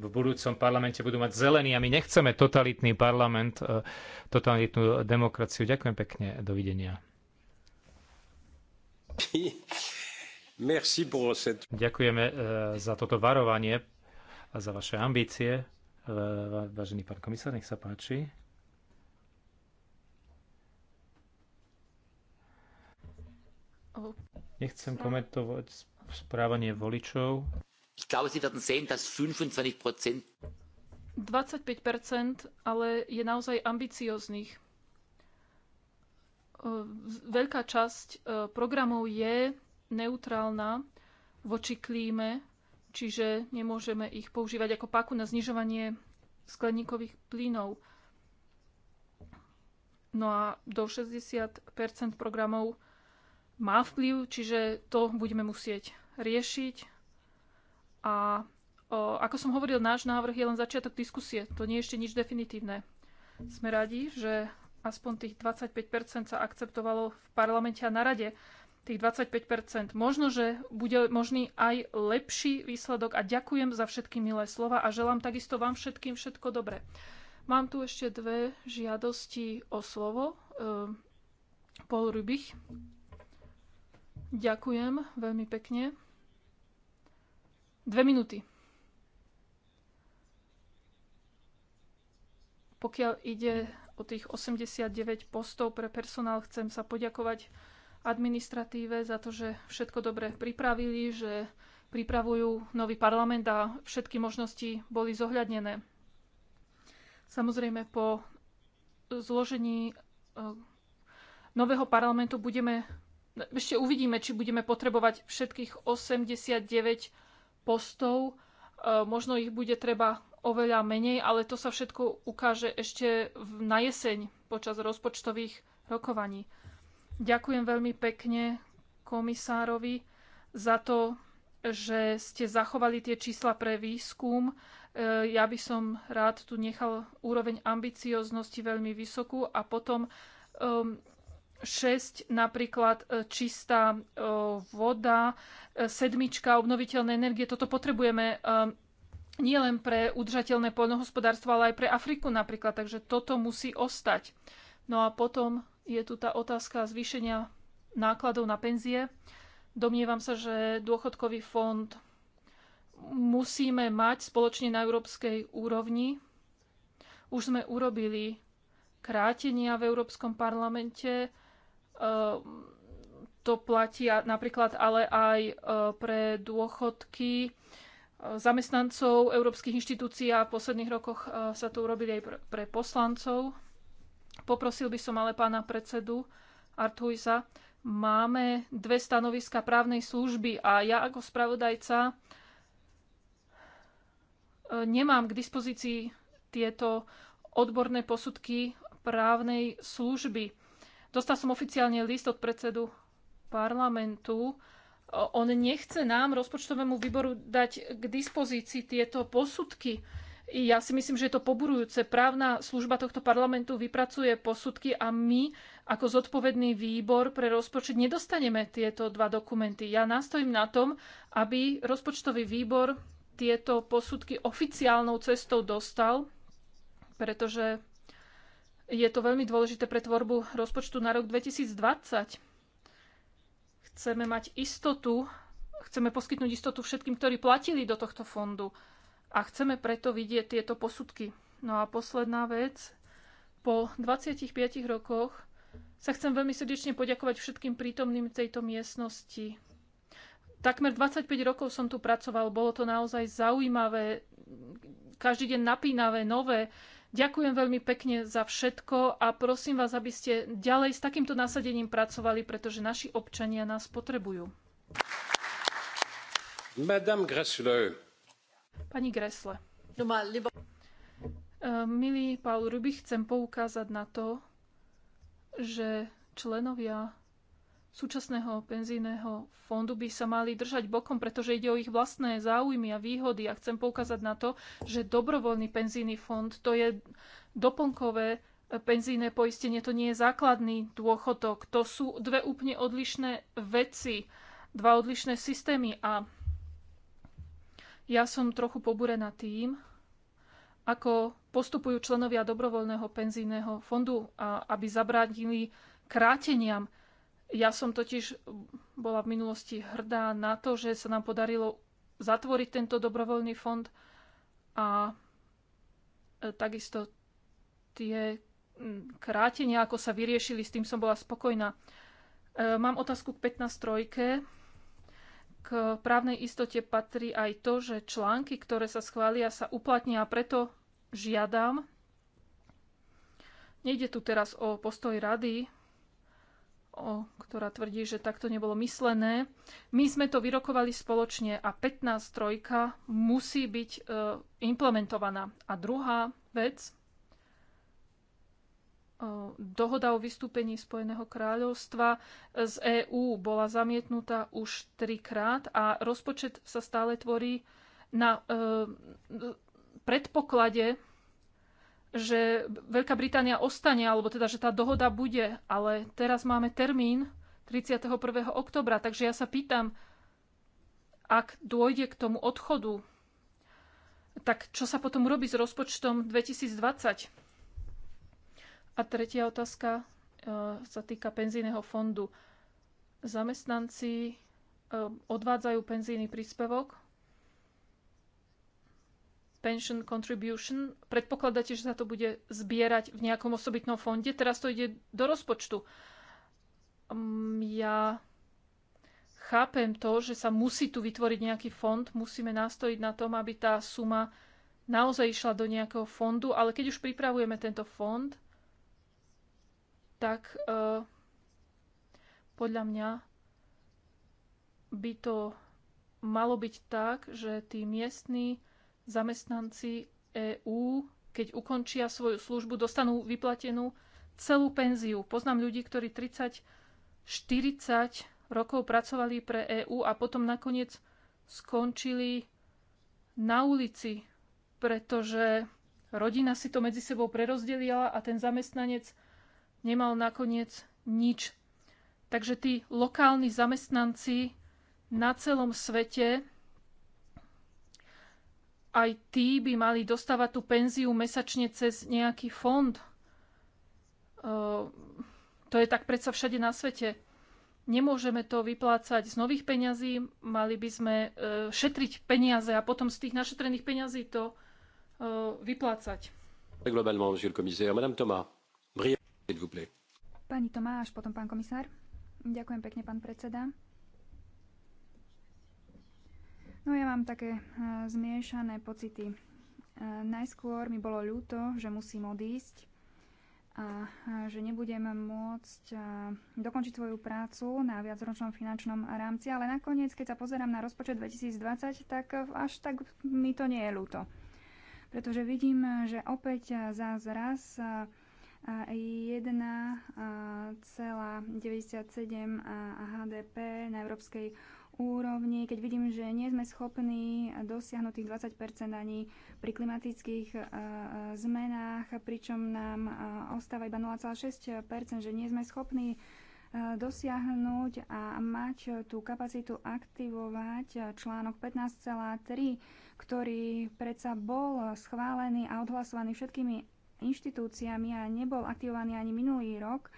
v budúcom parlamente budú mať zelený a my nechceme totalitný parlament, totalitnú demokraciu. Ďakujem pekne, dovidenia. Ďakujeme za toto varovanie a za vaše ambície. Vážený pán komisár, nech sa páči. Nechcem komentovať správanie voličov. 25 ale je naozaj ambicioznych. Veľká časť programov je neutrálna voči klíme, čiže nemôžeme ich používať ako paku na znižovanie skleníkových plynov. No a do 60 programov má vplyv, čiže to budeme musieť riešiť. A o, ako som hovoril, náš návrh je len začiatok diskusie. To nie je ešte nič definitívne. Sme radi, že aspoň tých 25 sa akceptovalo v parlamente a na rade. Tých 25 Možno, že bude možný aj lepší výsledok a ďakujem za všetky milé slova a želám takisto vám všetkým všetko dobré. Mám tu ešte dve žiadosti o slovo. Ehm, Paul Rubich Ďakujem veľmi pekne. Dve minúty. Pokiaľ ide o tých 89 postov pre personál, chcem sa poďakovať administratíve za to, že všetko dobre pripravili, že pripravujú nový parlament a všetky možnosti boli zohľadnené. Samozrejme, po zložení eh, nového parlamentu budeme ešte uvidíme, či budeme potrebovať všetkých 89 postov. E, možno ich bude treba oveľa menej, ale to sa všetko ukáže ešte na jeseň počas rozpočtových rokovaní. Ďakujem veľmi pekne komisárovi za to, že ste zachovali tie čísla pre výskum. E, ja by som rád tu nechal úroveň ambicioznosti veľmi vysokú a potom e, 6 napríklad e, čistá e, voda, e, sedmička obnoviteľné energie. Toto potrebujeme nielen pre udržateľné poľnohospodárstvo, ale aj pre Afriku napríklad. Takže toto musí ostať. No a potom je tu tá otázka zvýšenia nákladov na penzie. Domnievam sa, že dôchodkový fond musíme mať spoločne na európskej úrovni. Už sme urobili krátenia v Európskom parlamente Ehm, to platí napríklad ale aj e, pre dôchodky e, zamestnancov európskych inštitúcií a v posledných rokoch e, sa to urobili aj pre poslancov. Poprosil by som ale pána predsedu Artuisa. Máme dve stanoviska právnej služby a ja ako spravodajca nemám k dispozícii tieto odborné posudky právnej služby. Dostal som oficiálne list od predsedu parlamentu. On nechce nám, rozpočtovému výboru, dať k dispozícii tieto posudky. Ja si myslím, že je to poburujúce. Právna služba tohto parlamentu vypracuje posudky a my, ako zodpovedný výbor pre rozpočet, nedostaneme tieto dva dokumenty. Ja nastojím na tom, aby rozpočtový výbor tieto posudky oficiálnou cestou dostal, pretože je to veľmi dôležité pre tvorbu rozpočtu na rok 2020. Chceme mať istotu, chceme poskytnúť istotu všetkým, ktorí platili do tohto fondu a chceme preto vidieť tieto posudky. No a posledná vec, po 25 rokoch sa chcem veľmi srdečne poďakovať všetkým prítomným tejto miestnosti. Takmer 25 rokov som tu pracoval, bolo to naozaj zaujímavé, každý deň napínavé, nové, Ďakujem veľmi pekne za všetko a prosím vás, aby ste ďalej s takýmto nasadením pracovali, pretože naši občania nás potrebujú. Madame Gressle. Pani Gressle. E, milý Paul Rubich, chcem poukázať na to, že členovia súčasného penzijného fondu by sa mali držať bokom, pretože ide o ich vlastné záujmy a výhody. A chcem poukázať na to, že dobrovoľný penzijný fond to je doplnkové e, penzijné poistenie, to nie je základný dôchodok. To sú dve úplne odlišné veci, dva odlišné systémy a ja som trochu pobúrená tým, ako postupujú členovia dobrovoľného penzijného fondu, a aby zabránili kráteniam ja som totiž bola v minulosti hrdá na to, že sa nám podarilo zatvoriť tento dobrovoľný fond a e, takisto tie krátenia, ako sa vyriešili, s tým som bola spokojná. E, mám otázku k 15 trojke. K právnej istote patrí aj to, že články, ktoré sa schvália, sa uplatnia a preto žiadam. Nejde tu teraz o postoj rady, o, ktorá tvrdí, že takto nebolo myslené. My sme to vyrokovali spoločne a 15 trojka musí byť e, implementovaná. A druhá vec, e, dohoda o vystúpení Spojeného kráľovstva z EÚ bola zamietnutá už trikrát a rozpočet sa stále tvorí na e, predpoklade že Veľká Británia ostane, alebo teda, že tá dohoda bude, ale teraz máme termín 31. oktobra, takže ja sa pýtam, ak dôjde k tomu odchodu, tak čo sa potom robí s rozpočtom 2020? A tretia otázka e, sa týka penzíneho fondu. Zamestnanci e, odvádzajú penzijný príspevok pension contribution. Predpokladáte, že sa to bude zbierať v nejakom osobitnom fonde? Teraz to ide do rozpočtu. Mm, ja chápem to, že sa musí tu vytvoriť nejaký fond, musíme nastojiť na tom, aby tá suma naozaj išla do nejakého fondu, ale keď už pripravujeme tento fond, tak e, podľa mňa by to malo byť tak, že tí miestní zamestnanci EÚ, keď ukončia svoju službu, dostanú vyplatenú celú penziu. Poznám ľudí, ktorí 30, 40 rokov pracovali pre EÚ a potom nakoniec skončili na ulici, pretože rodina si to medzi sebou prerozdelila a ten zamestnanec nemal nakoniec nič. Takže tí lokálni zamestnanci na celom svete aj tí by mali dostávať tú penziu mesačne cez nejaký fond. E, to je tak predsa všade na svete. Nemôžeme to vyplácať z nových peňazí, mali by sme e, šetriť peniaze a potom z tých našetrených peňazí to e, vyplácať. Pani Tomáš, potom pán komisár. Ďakujem pekne, pán predseda. No ja mám také eh, zmiešané pocity. Eh, najskôr mi bolo ľúto, že musím odísť a že nebudem môcť eh, dokončiť svoju prácu na viacročnom finančnom rámci, ale nakoniec, keď sa pozerám na rozpočet 2020, tak až tak mi to nie je ľúto. Pretože vidím, že opäť za zraz 1,97 HDP na Európskej úrovni, keď vidím, že nie sme schopní dosiahnuť tých 20 ani pri klimatických zmenách, pričom nám ostáva iba 0,6 že nie sme schopní dosiahnuť a mať tú kapacitu aktivovať článok 15,3, ktorý predsa bol schválený a odhlasovaný všetkými inštitúciami a nebol aktivovaný ani minulý rok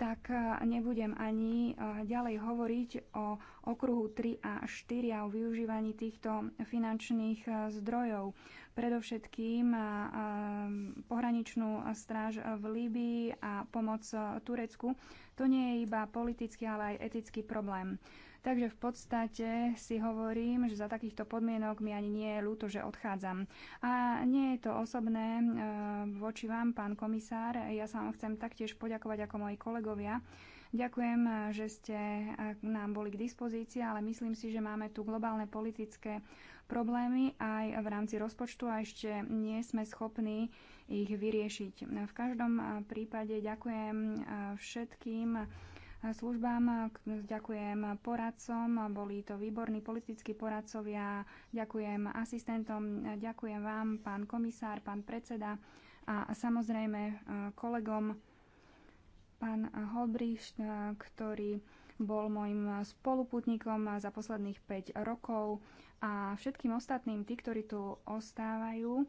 tak e, nebudem ani e, ďalej hovoriť o okruhu 3 a 4 a o využívaní týchto finančných e, zdrojov. Predovšetkým pohraničnú stráž v Líbii a pomoc Turecku. To nie je iba politický, ale aj etický problém. Takže v podstate si hovorím, že za takýchto podmienok mi ani nie je ľúto, že odchádzam. A nie je to osobné e, voči vám, pán komisár. Ja sa vám chcem taktiež poďakovať ako moji kolegovia. Ďakujem, e, že ste e, nám boli k dispozícii, ale myslím si, že máme tu globálne politické problémy aj v rámci rozpočtu a ešte nie sme schopní ich vyriešiť. V každom prípade ďakujem všetkým službám, ďakujem poradcom, boli to výborní politickí poradcovia, ďakujem asistentom, ďakujem vám, pán komisár, pán predseda a samozrejme eh, kolegom, pán Holbricht, eh, ktorý bol môjim spoluputníkom za posledných 5 rokov a všetkým ostatným, tí, ktorí tu ostávajú,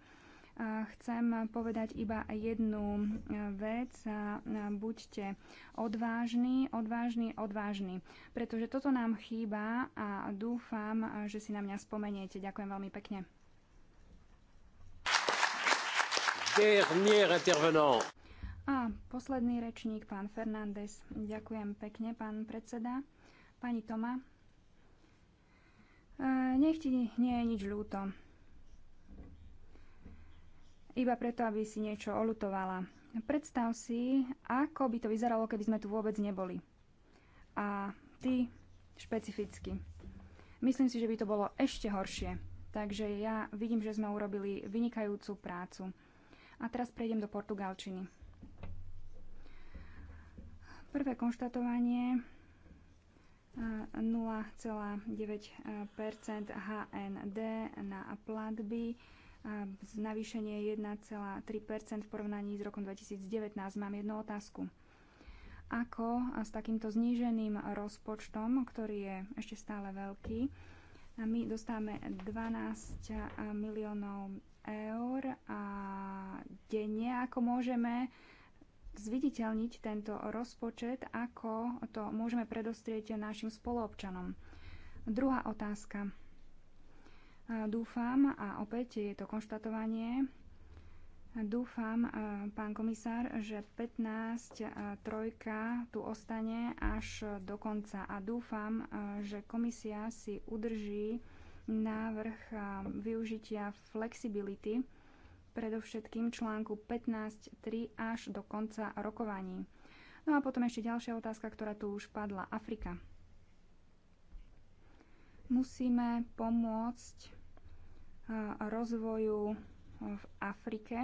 Chcem povedať iba jednu e, vec. E, buďte odvážni, odvážni, odvážni. Pretože toto nám chýba a dúfam, že si na mňa spomeniete. Ďakujem veľmi pekne. A posledný rečník, pán Fernández. Ďakujem pekne, pán predseda. Pani Toma, e, nech ti nie je nič ľúto iba preto, aby si niečo olutovala. Predstav si, ako by to vyzeralo, keby sme tu vôbec neboli. A ty špecificky. Myslím si, že by to bolo ešte horšie. Takže ja vidím, že sme urobili vynikajúcu prácu. A teraz prejdem do portugalčiny. Prvé konštatovanie 0,9 HND na platby navýšenie 1,3 v porovnaní s rokom 2019. Mám jednu otázku. Ako s takýmto zníženým rozpočtom, ktorý je ešte stále veľký, my dostávame 12 miliónov eur a denne, ako môžeme zviditeľniť tento rozpočet, ako to môžeme predostrieť našim spoluobčanom. Druhá otázka. Dúfam, a opäť je to konštatovanie, dúfam, pán komisár, že 15 trojka tu ostane až do konca a dúfam, že komisia si udrží návrh využitia flexibility, predovšetkým článku 15.3 až do konca rokovaní. No a potom ešte ďalšia otázka, ktorá tu už padla. Afrika. Musíme pomôcť rozvoju e, v Afrike,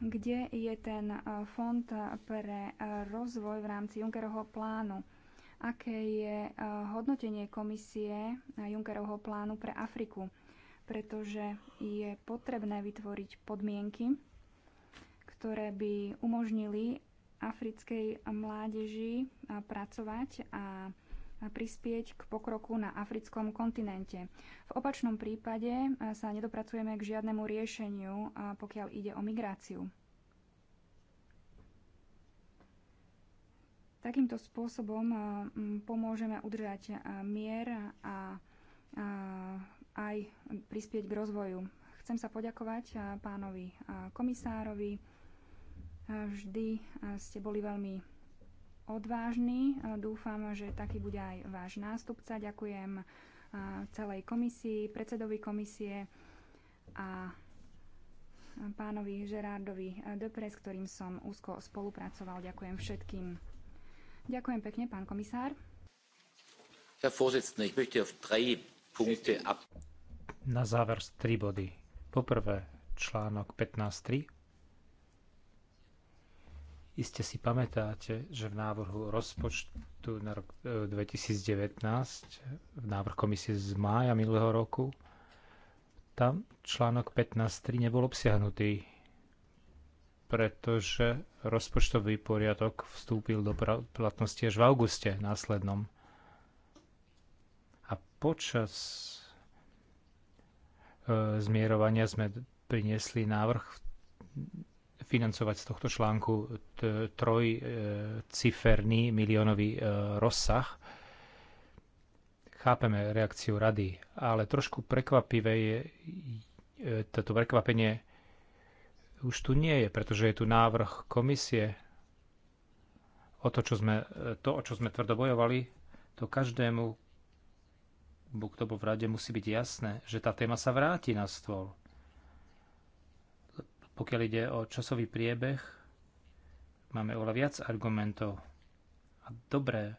kde je ten e, fond pre e, rozvoj v rámci Junckerovho plánu. Aké je hodnotenie komisie Junckerovho plánu pre Afriku? Pretože je potrebné vytvoriť podmienky, ktoré by umožnili africkej mládeži pracovať a pracovať prispieť k pokroku na africkom kontinente. V opačnom prípade e, sa nedopracujeme k žiadnemu riešeniu, e, pokiaľ ide o migráciu. Takýmto spôsobom e, pomôžeme udržať mier a aj prispieť k rozvoju. Chcem sa poďakovať pánovi komisárovi. Vždy ste boli veľmi odvážny. Dúfam, že taký bude aj váš nástupca. Ďakujem celej komisii, predsedovi komisie a pánovi Žerardovi Depres, s ktorým som úzko spolupracoval. Ďakujem všetkým. Ďakujem pekne, pán komisár. Na záver tri body. Poprvé, článok 15.3 Iste si pamätáte, že v návrhu rozpočtu na rok 2019, e, v návrh komisie z mája minulého roku, tam článok 15.3 nebol obsiahnutý, pretože rozpočtový poriadok vstúpil do platnosti až v auguste následnom. A počas e, zmierovania sme priniesli návrh financovať z tohto článku trojciferný e, miliónový e, rozsah. Chápeme reakciu rady, ale trošku prekvapivé je e, toto prekvapenie už tu nie je, pretože je tu návrh komisie o to, čo sme, to, o čo sme tvrdo bojovali, to každému, kto bol v rade, musí byť jasné, že tá téma sa vráti na stôl pokiaľ ide o časový priebeh, máme oveľa viac argumentov a dobré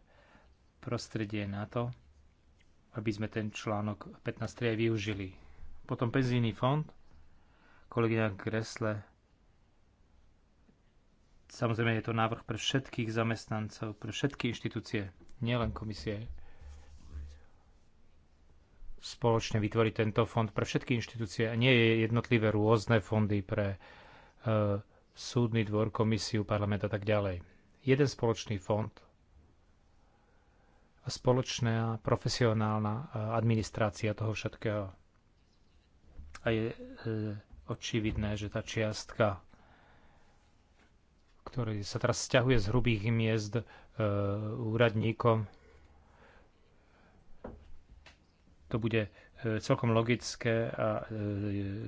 prostredie na to, aby sme ten článok 15 aj využili. Potom penzijný fond, kolegyňa Gresle, samozrejme je to návrh pre všetkých zamestnancov, pre všetky inštitúcie, nielen komisie spoločne vytvoriť tento fond pre všetky inštitúcie a nie je jednotlivé rôzne fondy pre e, súdny dvor, komisiu, parlament a tak ďalej. Jeden spoločný fond a spoločná profesionálna e, administrácia toho všetkého. A je e, očividné, že tá čiastka, ktorý sa teraz sťahuje z hrubých miest e, úradníkom, to bude e, celkom logické a e,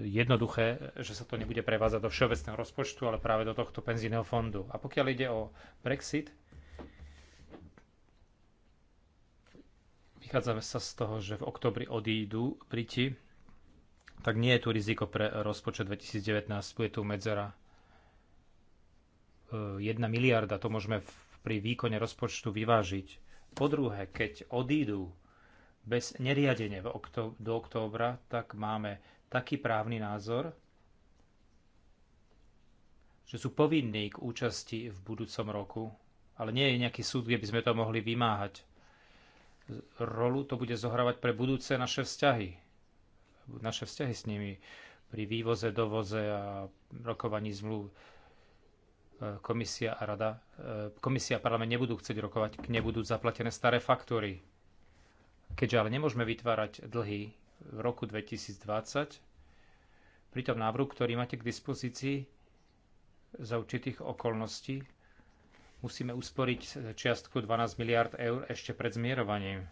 jednoduché, že sa to nebude prevázať do všeobecného rozpočtu, ale práve do tohto penzijného fondu. A pokiaľ ide o Brexit, vychádzame sa z toho, že v oktobri odídu Briti, tak nie je tu riziko pre rozpočet 2019, bude tu medzera 1 e, miliarda, to môžeme pri výkone rozpočtu vyvážiť. Po druhé, keď odídu bez neriadenie do októbra, tak máme taký právny názor, že sú povinní k účasti v budúcom roku, ale nie je nejaký súd, kde by sme to mohli vymáhať. Rolu to bude zohrávať pre budúce naše vzťahy. Naše vzťahy s nimi pri vývoze, dovoze a rokovaní zmluv. Komisia a rada, eh, komisia a parlament nebudú chcieť rokovať, ak nebudú zaplatené staré faktúry. Keďže ale nemôžeme vytvárať dlhy v roku 2020, pri tom návrhu, ktorý máte k dispozícii za určitých okolností, musíme usporiť čiastku 12 miliard eur ešte pred zmierovaním.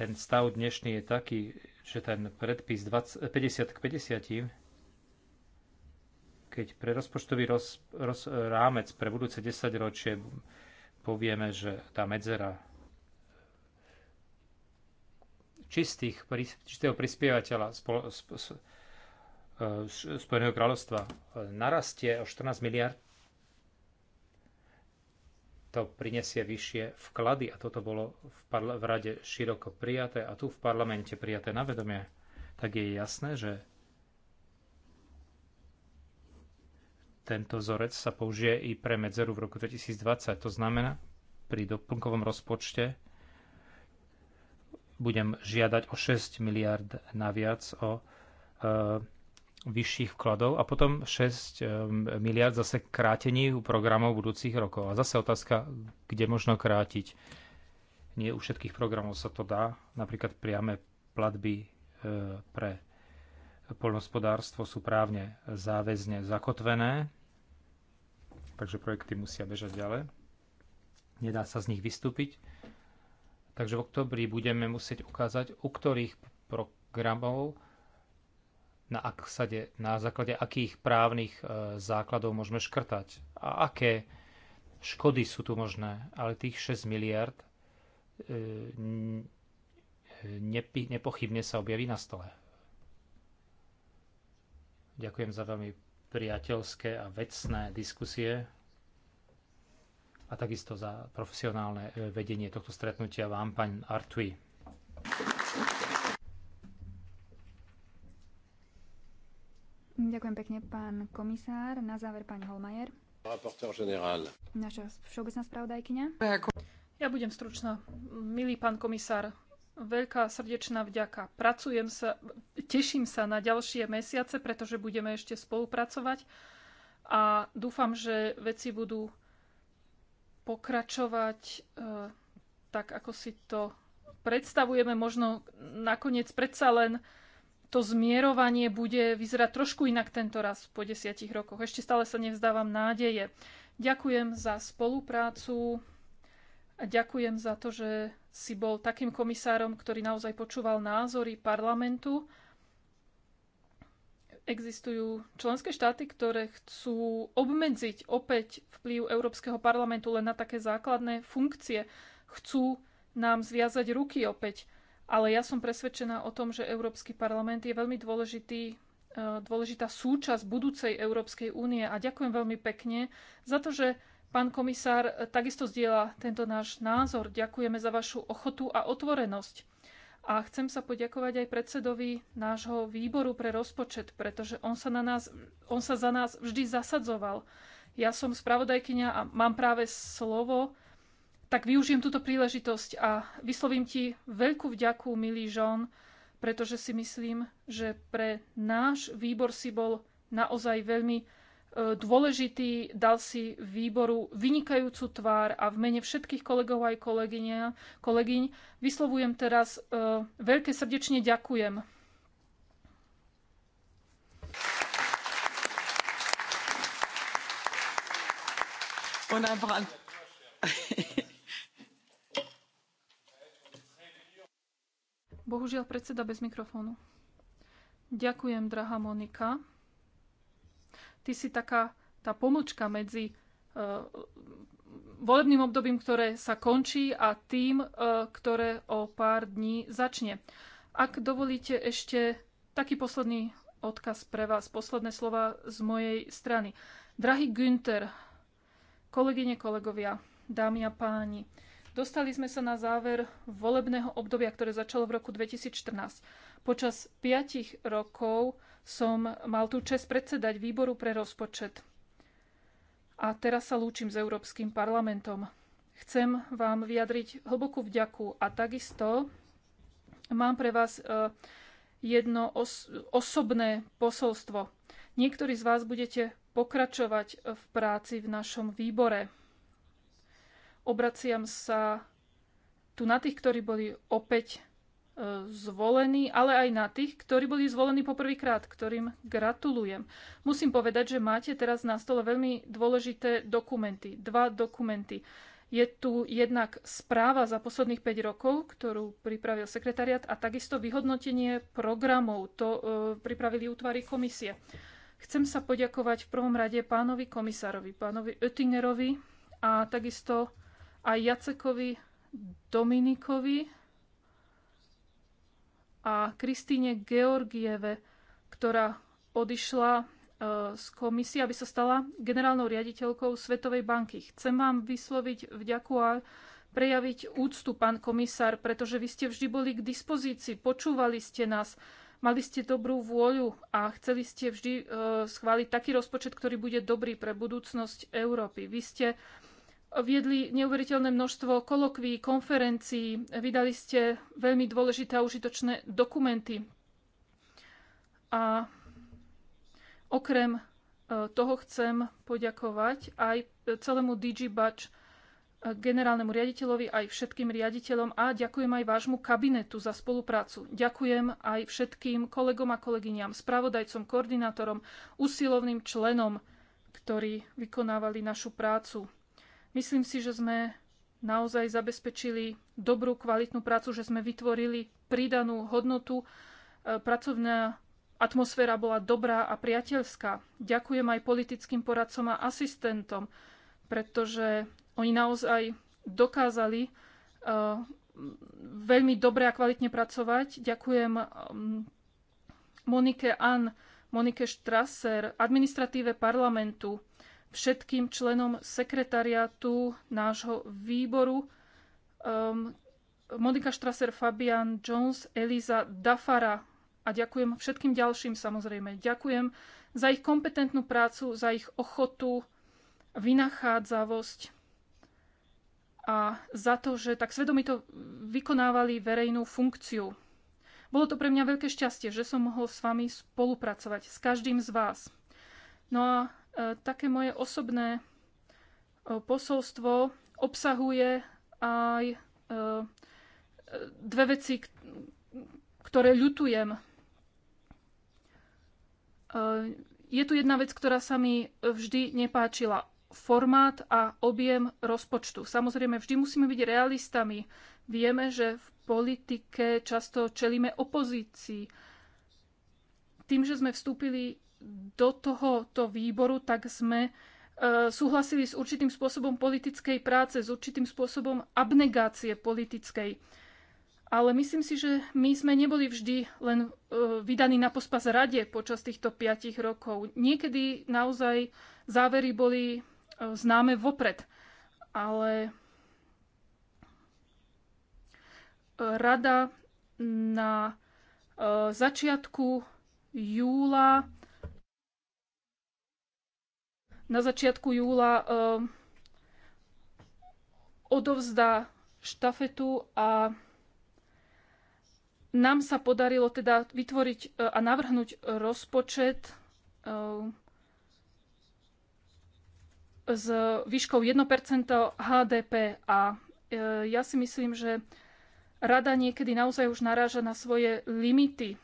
Ten stav dnešný je taký, že ten predpis 20, 50 k 50, keď pre rozpočtový roz, roz, rámec pre budúce 10 ročie povieme, že tá medzera čistých, čistého prispievateľa spolo, sp, sp, e, Spojeného kráľovstva narastie o 14 miliard, to prinesie vyššie vklady a toto bolo v, parla- v rade široko prijaté a tu v parlamente prijaté na vedomie, tak je jasné, že tento vzorec sa použije i pre medzeru v roku 2020. To znamená, pri doplnkovom rozpočte budem žiadať o 6 miliard naviac o e, vyšších vkladov a potom 6 e, miliard zase krátení u programov budúcich rokov. A zase otázka, kde možno krátiť. Nie u všetkých programov sa to dá. Napríklad priame platby e, pre poľnohospodárstvo sú právne záväzne zakotvené, takže projekty musia bežať ďalej. Nedá sa z nich vystúpiť Takže v oktobri budeme musieť ukázať, u ktorých programov na, aksade, na základe akých právnych e, základov môžeme škrtať a aké škody sú tu možné. Ale tých 6 miliard e, nepochybne sa objaví na stole. Ďakujem za veľmi priateľské a vecné diskusie a takisto za profesionálne e, vedenie tohto stretnutia vám, pán Artui. Ďakujem pekne, pán komisár. Na záver, pán Holmajer. Naša všeobecná spravodajkynia. Ja budem stručná. Milý pán komisár, veľká srdečná vďaka. Pracujem sa, teším sa na ďalšie mesiace, pretože budeme ešte spolupracovať a dúfam, že veci budú pokračovať e, tak, ako si to predstavujeme. Možno nakoniec predsa len to zmierovanie bude vyzerať trošku inak tento raz po desiatich rokoch. Ešte stále sa nevzdávam nádeje. Ďakujem za spoluprácu a ďakujem za to, že si bol takým komisárom, ktorý naozaj počúval názory parlamentu existujú členské štáty, ktoré chcú obmedziť opäť vplyv Európskeho parlamentu len na také základné funkcie. Chcú nám zviazať ruky opäť. Ale ja som presvedčená o tom, že Európsky parlament je veľmi dôležitý, e, dôležitá súčasť budúcej Európskej únie. A ďakujem veľmi pekne za to, že pán komisár e, takisto zdieľa tento náš názor. Ďakujeme za vašu ochotu a otvorenosť. A chcem sa poďakovať aj predsedovi nášho výboru pre rozpočet, pretože on sa, na nás, on sa za nás vždy zasadzoval. Ja som spravodajkyňa a mám práve slovo, tak využijem túto príležitosť a vyslovím ti veľkú vďaku, milý žon, pretože si myslím, že pre náš výbor si bol naozaj veľmi dôležitý, dal si výboru vynikajúcu tvár a v mene všetkých kolegov aj kolegyň, kolegyň vyslovujem teraz e, veľké srdečne ďakujem. Bohužiaľ predseda bez mikrofónu. Ďakujem, drahá Monika. Ty si taká tá pomlčka medzi uh, volebným obdobím, ktoré sa končí a tým, uh, ktoré o pár dní začne. Ak dovolíte ešte taký posledný odkaz pre vás, posledné slova z mojej strany. Drahý Günther, kolegyne, kolegovia, dámy a páni, Dostali sme sa na záver volebného obdobia, ktoré začalo v roku 2014. Počas 5 rokov som mal tú čest predsedať výboru pre rozpočet. A teraz sa lúčim s Európskym parlamentom. Chcem vám vyjadriť hlbokú vďaku a takisto mám pre vás e, jedno os- osobné posolstvo. Niektorí z vás budete pokračovať v práci v našom výbore. Obraciam sa tu na tých, ktorí boli opäť zvolení, ale aj na tých, ktorí boli zvolení poprvýkrát, ktorým gratulujem. Musím povedať, že máte teraz na stole veľmi dôležité dokumenty. Dva dokumenty. Je tu jednak správa za posledných 5 rokov, ktorú pripravil sekretariat a takisto vyhodnotenie programov. To e, pripravili útvary komisie. Chcem sa poďakovať v prvom rade pánovi komisárovi, pánovi Oettingerovi a takisto aj Jacekovi Dominikovi, a Kristíne Georgieve, ktorá odišla e, z komisie, aby sa stala generálnou riaditeľkou Svetovej banky. Chcem vám vysloviť vďaku a prejaviť úctu, pán komisár, pretože vy ste vždy boli k dispozícii, počúvali ste nás, mali ste dobrú vôľu a chceli ste vždy e, schváliť taký rozpočet, ktorý bude dobrý pre budúcnosť Európy. Vy ste viedli neuveriteľné množstvo kolokví, konferencií, vydali ste veľmi dôležité a užitočné dokumenty. A okrem e, toho chcem poďakovať aj celému DigiBatch e, generálnemu riaditeľovi, aj všetkým riaditeľom a ďakujem aj vášmu kabinetu za spoluprácu. Ďakujem aj všetkým kolegom a kolegyňam, spravodajcom, koordinátorom, usilovným členom, ktorí vykonávali našu prácu. Myslím si, že sme naozaj zabezpečili dobrú, kvalitnú prácu, že sme vytvorili pridanú hodnotu. E, pracovná atmosféra bola dobrá a priateľská. Ďakujem aj politickým poradcom a asistentom, pretože oni naozaj dokázali e, veľmi dobre a kvalitne pracovať. Ďakujem Monike Ann, Monike Strasser, administratíve parlamentu, všetkým členom sekretariátu nášho výboru. Um, Monika Štraser, Fabian Jones, Eliza Dafara a ďakujem všetkým ďalším samozrejme. Ďakujem za ich kompetentnú prácu, za ich ochotu, vynachádzavosť a za to, že tak svedomito vykonávali verejnú funkciu. Bolo to pre mňa veľké šťastie, že som mohol s vami spolupracovať, s každým z vás. No a E, také moje osobné e, posolstvo obsahuje aj e, dve veci, ktoré ľutujem. Je tu jedna vec, ktorá sa mi vždy nepáčila. Formát a objem rozpočtu. Samozrejme, vždy musíme byť realistami. Vieme, že v politike často čelíme opozícii. Tým, že sme vstúpili do tohoto výboru, tak sme e, súhlasili s určitým spôsobom politickej práce, s určitým spôsobom abnegácie politickej. Ale myslím si, že my sme neboli vždy len e, vydaní na pospas rade počas týchto piatich rokov. Niekedy naozaj závery boli e, známe vopred. Ale rada na začiatku júla na začiatku júla eh, odovzdá štafetu a nám sa podarilo teda vytvoriť eh, a navrhnúť rozpočet eh, s výškou 1% HDP. A ja si myslím, že rada niekedy naozaj už naráža na svoje limity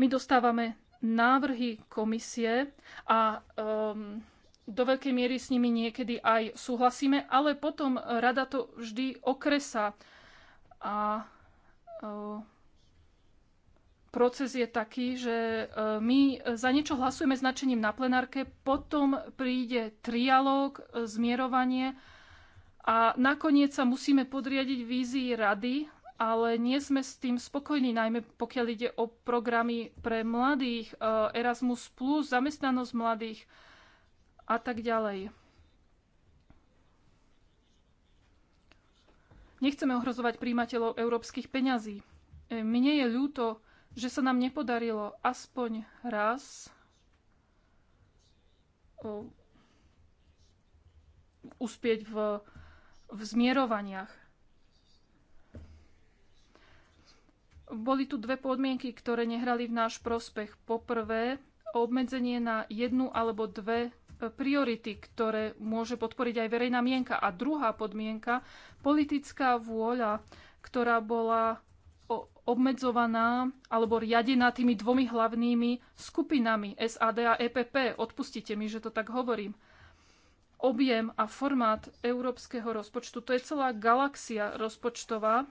My dostávame návrhy komisie a um, do veľkej miery s nimi niekedy aj súhlasíme, ale potom rada to vždy okresa. A ehm, proces je taký, že ehm, my za niečo hlasujeme značením na plenárke, potom príde trialóg, e, zmierovanie a nakoniec sa musíme podriadiť vízii rady ale nie sme s tým spokojní, najmä pokiaľ ide o programy pre mladých, e, Erasmus+, plus, zamestnanosť mladých a tak ďalej. Nechceme ohrozovať príjimateľov európskych peňazí. E, mne je ľúto, že sa nám nepodarilo aspoň raz e, uspieť v, v zmierovaniach. Boli tu dve podmienky, ktoré nehrali v náš prospech. Poprvé, obmedzenie na jednu alebo dve e, priority, ktoré môže podporiť aj verejná mienka. A druhá podmienka, politická vôľa, ktorá bola obmedzovaná alebo riadená tými dvomi hlavnými skupinami SAD a EPP. Odpustite mi, že to tak hovorím. Objem a formát európskeho rozpočtu, to je celá galaxia rozpočtová,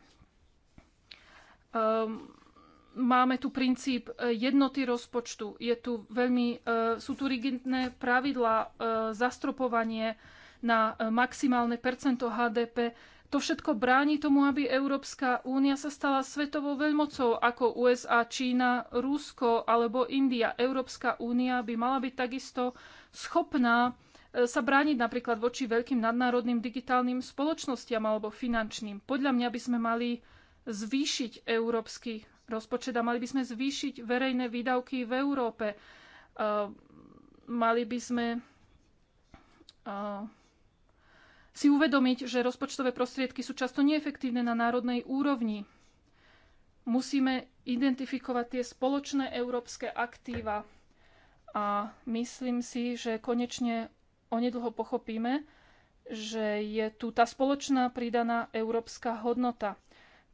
Um, máme tu princíp e, jednoty rozpočtu, je tu veľmi, e, sú tu rigidné pravidlá, e, zastropovanie na maximálne percento HDP. To všetko bráni tomu, aby Európska únia sa stala svetovou veľmocou ako USA, Čína, Rusko alebo India. Európska únia by mala byť takisto schopná sa brániť napríklad voči veľkým nadnárodným digitálnym spoločnostiam alebo finančným. Podľa mňa by sme mali zvýšiť európsky rozpočet a mali by sme zvýšiť verejné výdavky v Európe. Uh, mali by sme uh, si uvedomiť, že rozpočtové prostriedky sú často neefektívne na národnej úrovni. Musíme identifikovať tie spoločné európske aktíva a myslím si, že konečne onedlho pochopíme, že je tu tá spoločná pridaná európska hodnota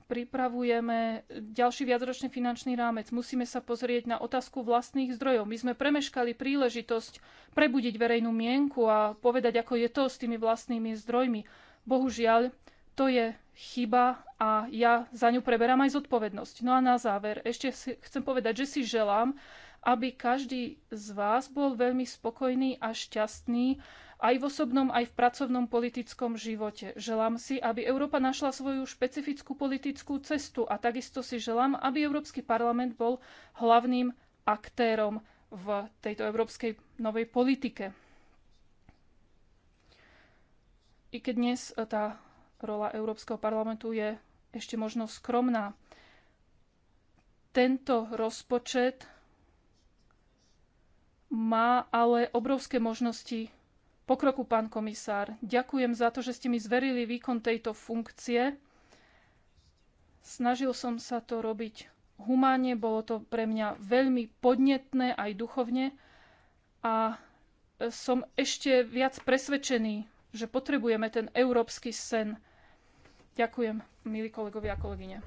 pripravujeme ďalší viacročný finančný rámec. Musíme sa pozrieť na otázku vlastných zdrojov. My sme premeškali príležitosť prebudiť verejnú mienku a povedať, ako je to s tými vlastnými zdrojmi. Bohužiaľ, to je chyba a ja za ňu preberám aj zodpovednosť. No a na záver, ešte chcem povedať, že si želám, aby každý z vás bol veľmi spokojný a šťastný aj v osobnom, aj v pracovnom politickom živote. Želám si, aby Európa našla svoju špecifickú politickú cestu a takisto si želám, aby Európsky parlament bol hlavným aktérom v tejto európskej novej politike. I keď dnes e, tá rola Európskeho parlamentu je ešte možno skromná, tento rozpočet má ale obrovské možnosti pokroku, pán komisár. Ďakujem za to, že ste mi zverili výkon tejto funkcie. Snažil som sa to robiť humánne, bolo to pre mňa veľmi podnetné aj duchovne a som ešte viac presvedčený, že potrebujeme ten európsky sen. Ďakujem, milí kolegovia a kolegyne.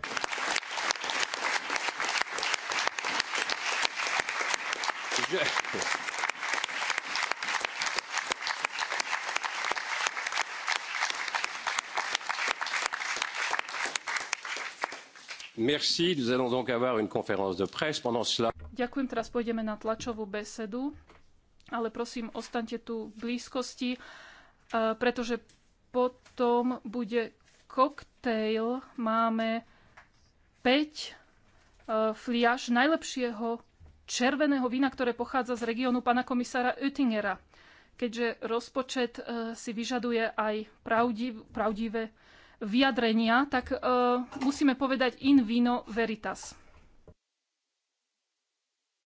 Yeah. Merci, nous allons donc avoir une conférence de presse pendant cela. Ďakujem, teraz pôjdeme na tlačovú besedu, ale prosím, ostaňte tu v blízkosti, eh, pretože potom bude koktejl. Máme 5 eh, fliaž najlepšieho červeného vína, ktoré pochádza z regiónu pána komisára Oettingera. Keďže rozpočet eh, si vyžaduje aj pravdiv, pravdivé vyjadrenia, tak e, musíme povedať in vino veritas.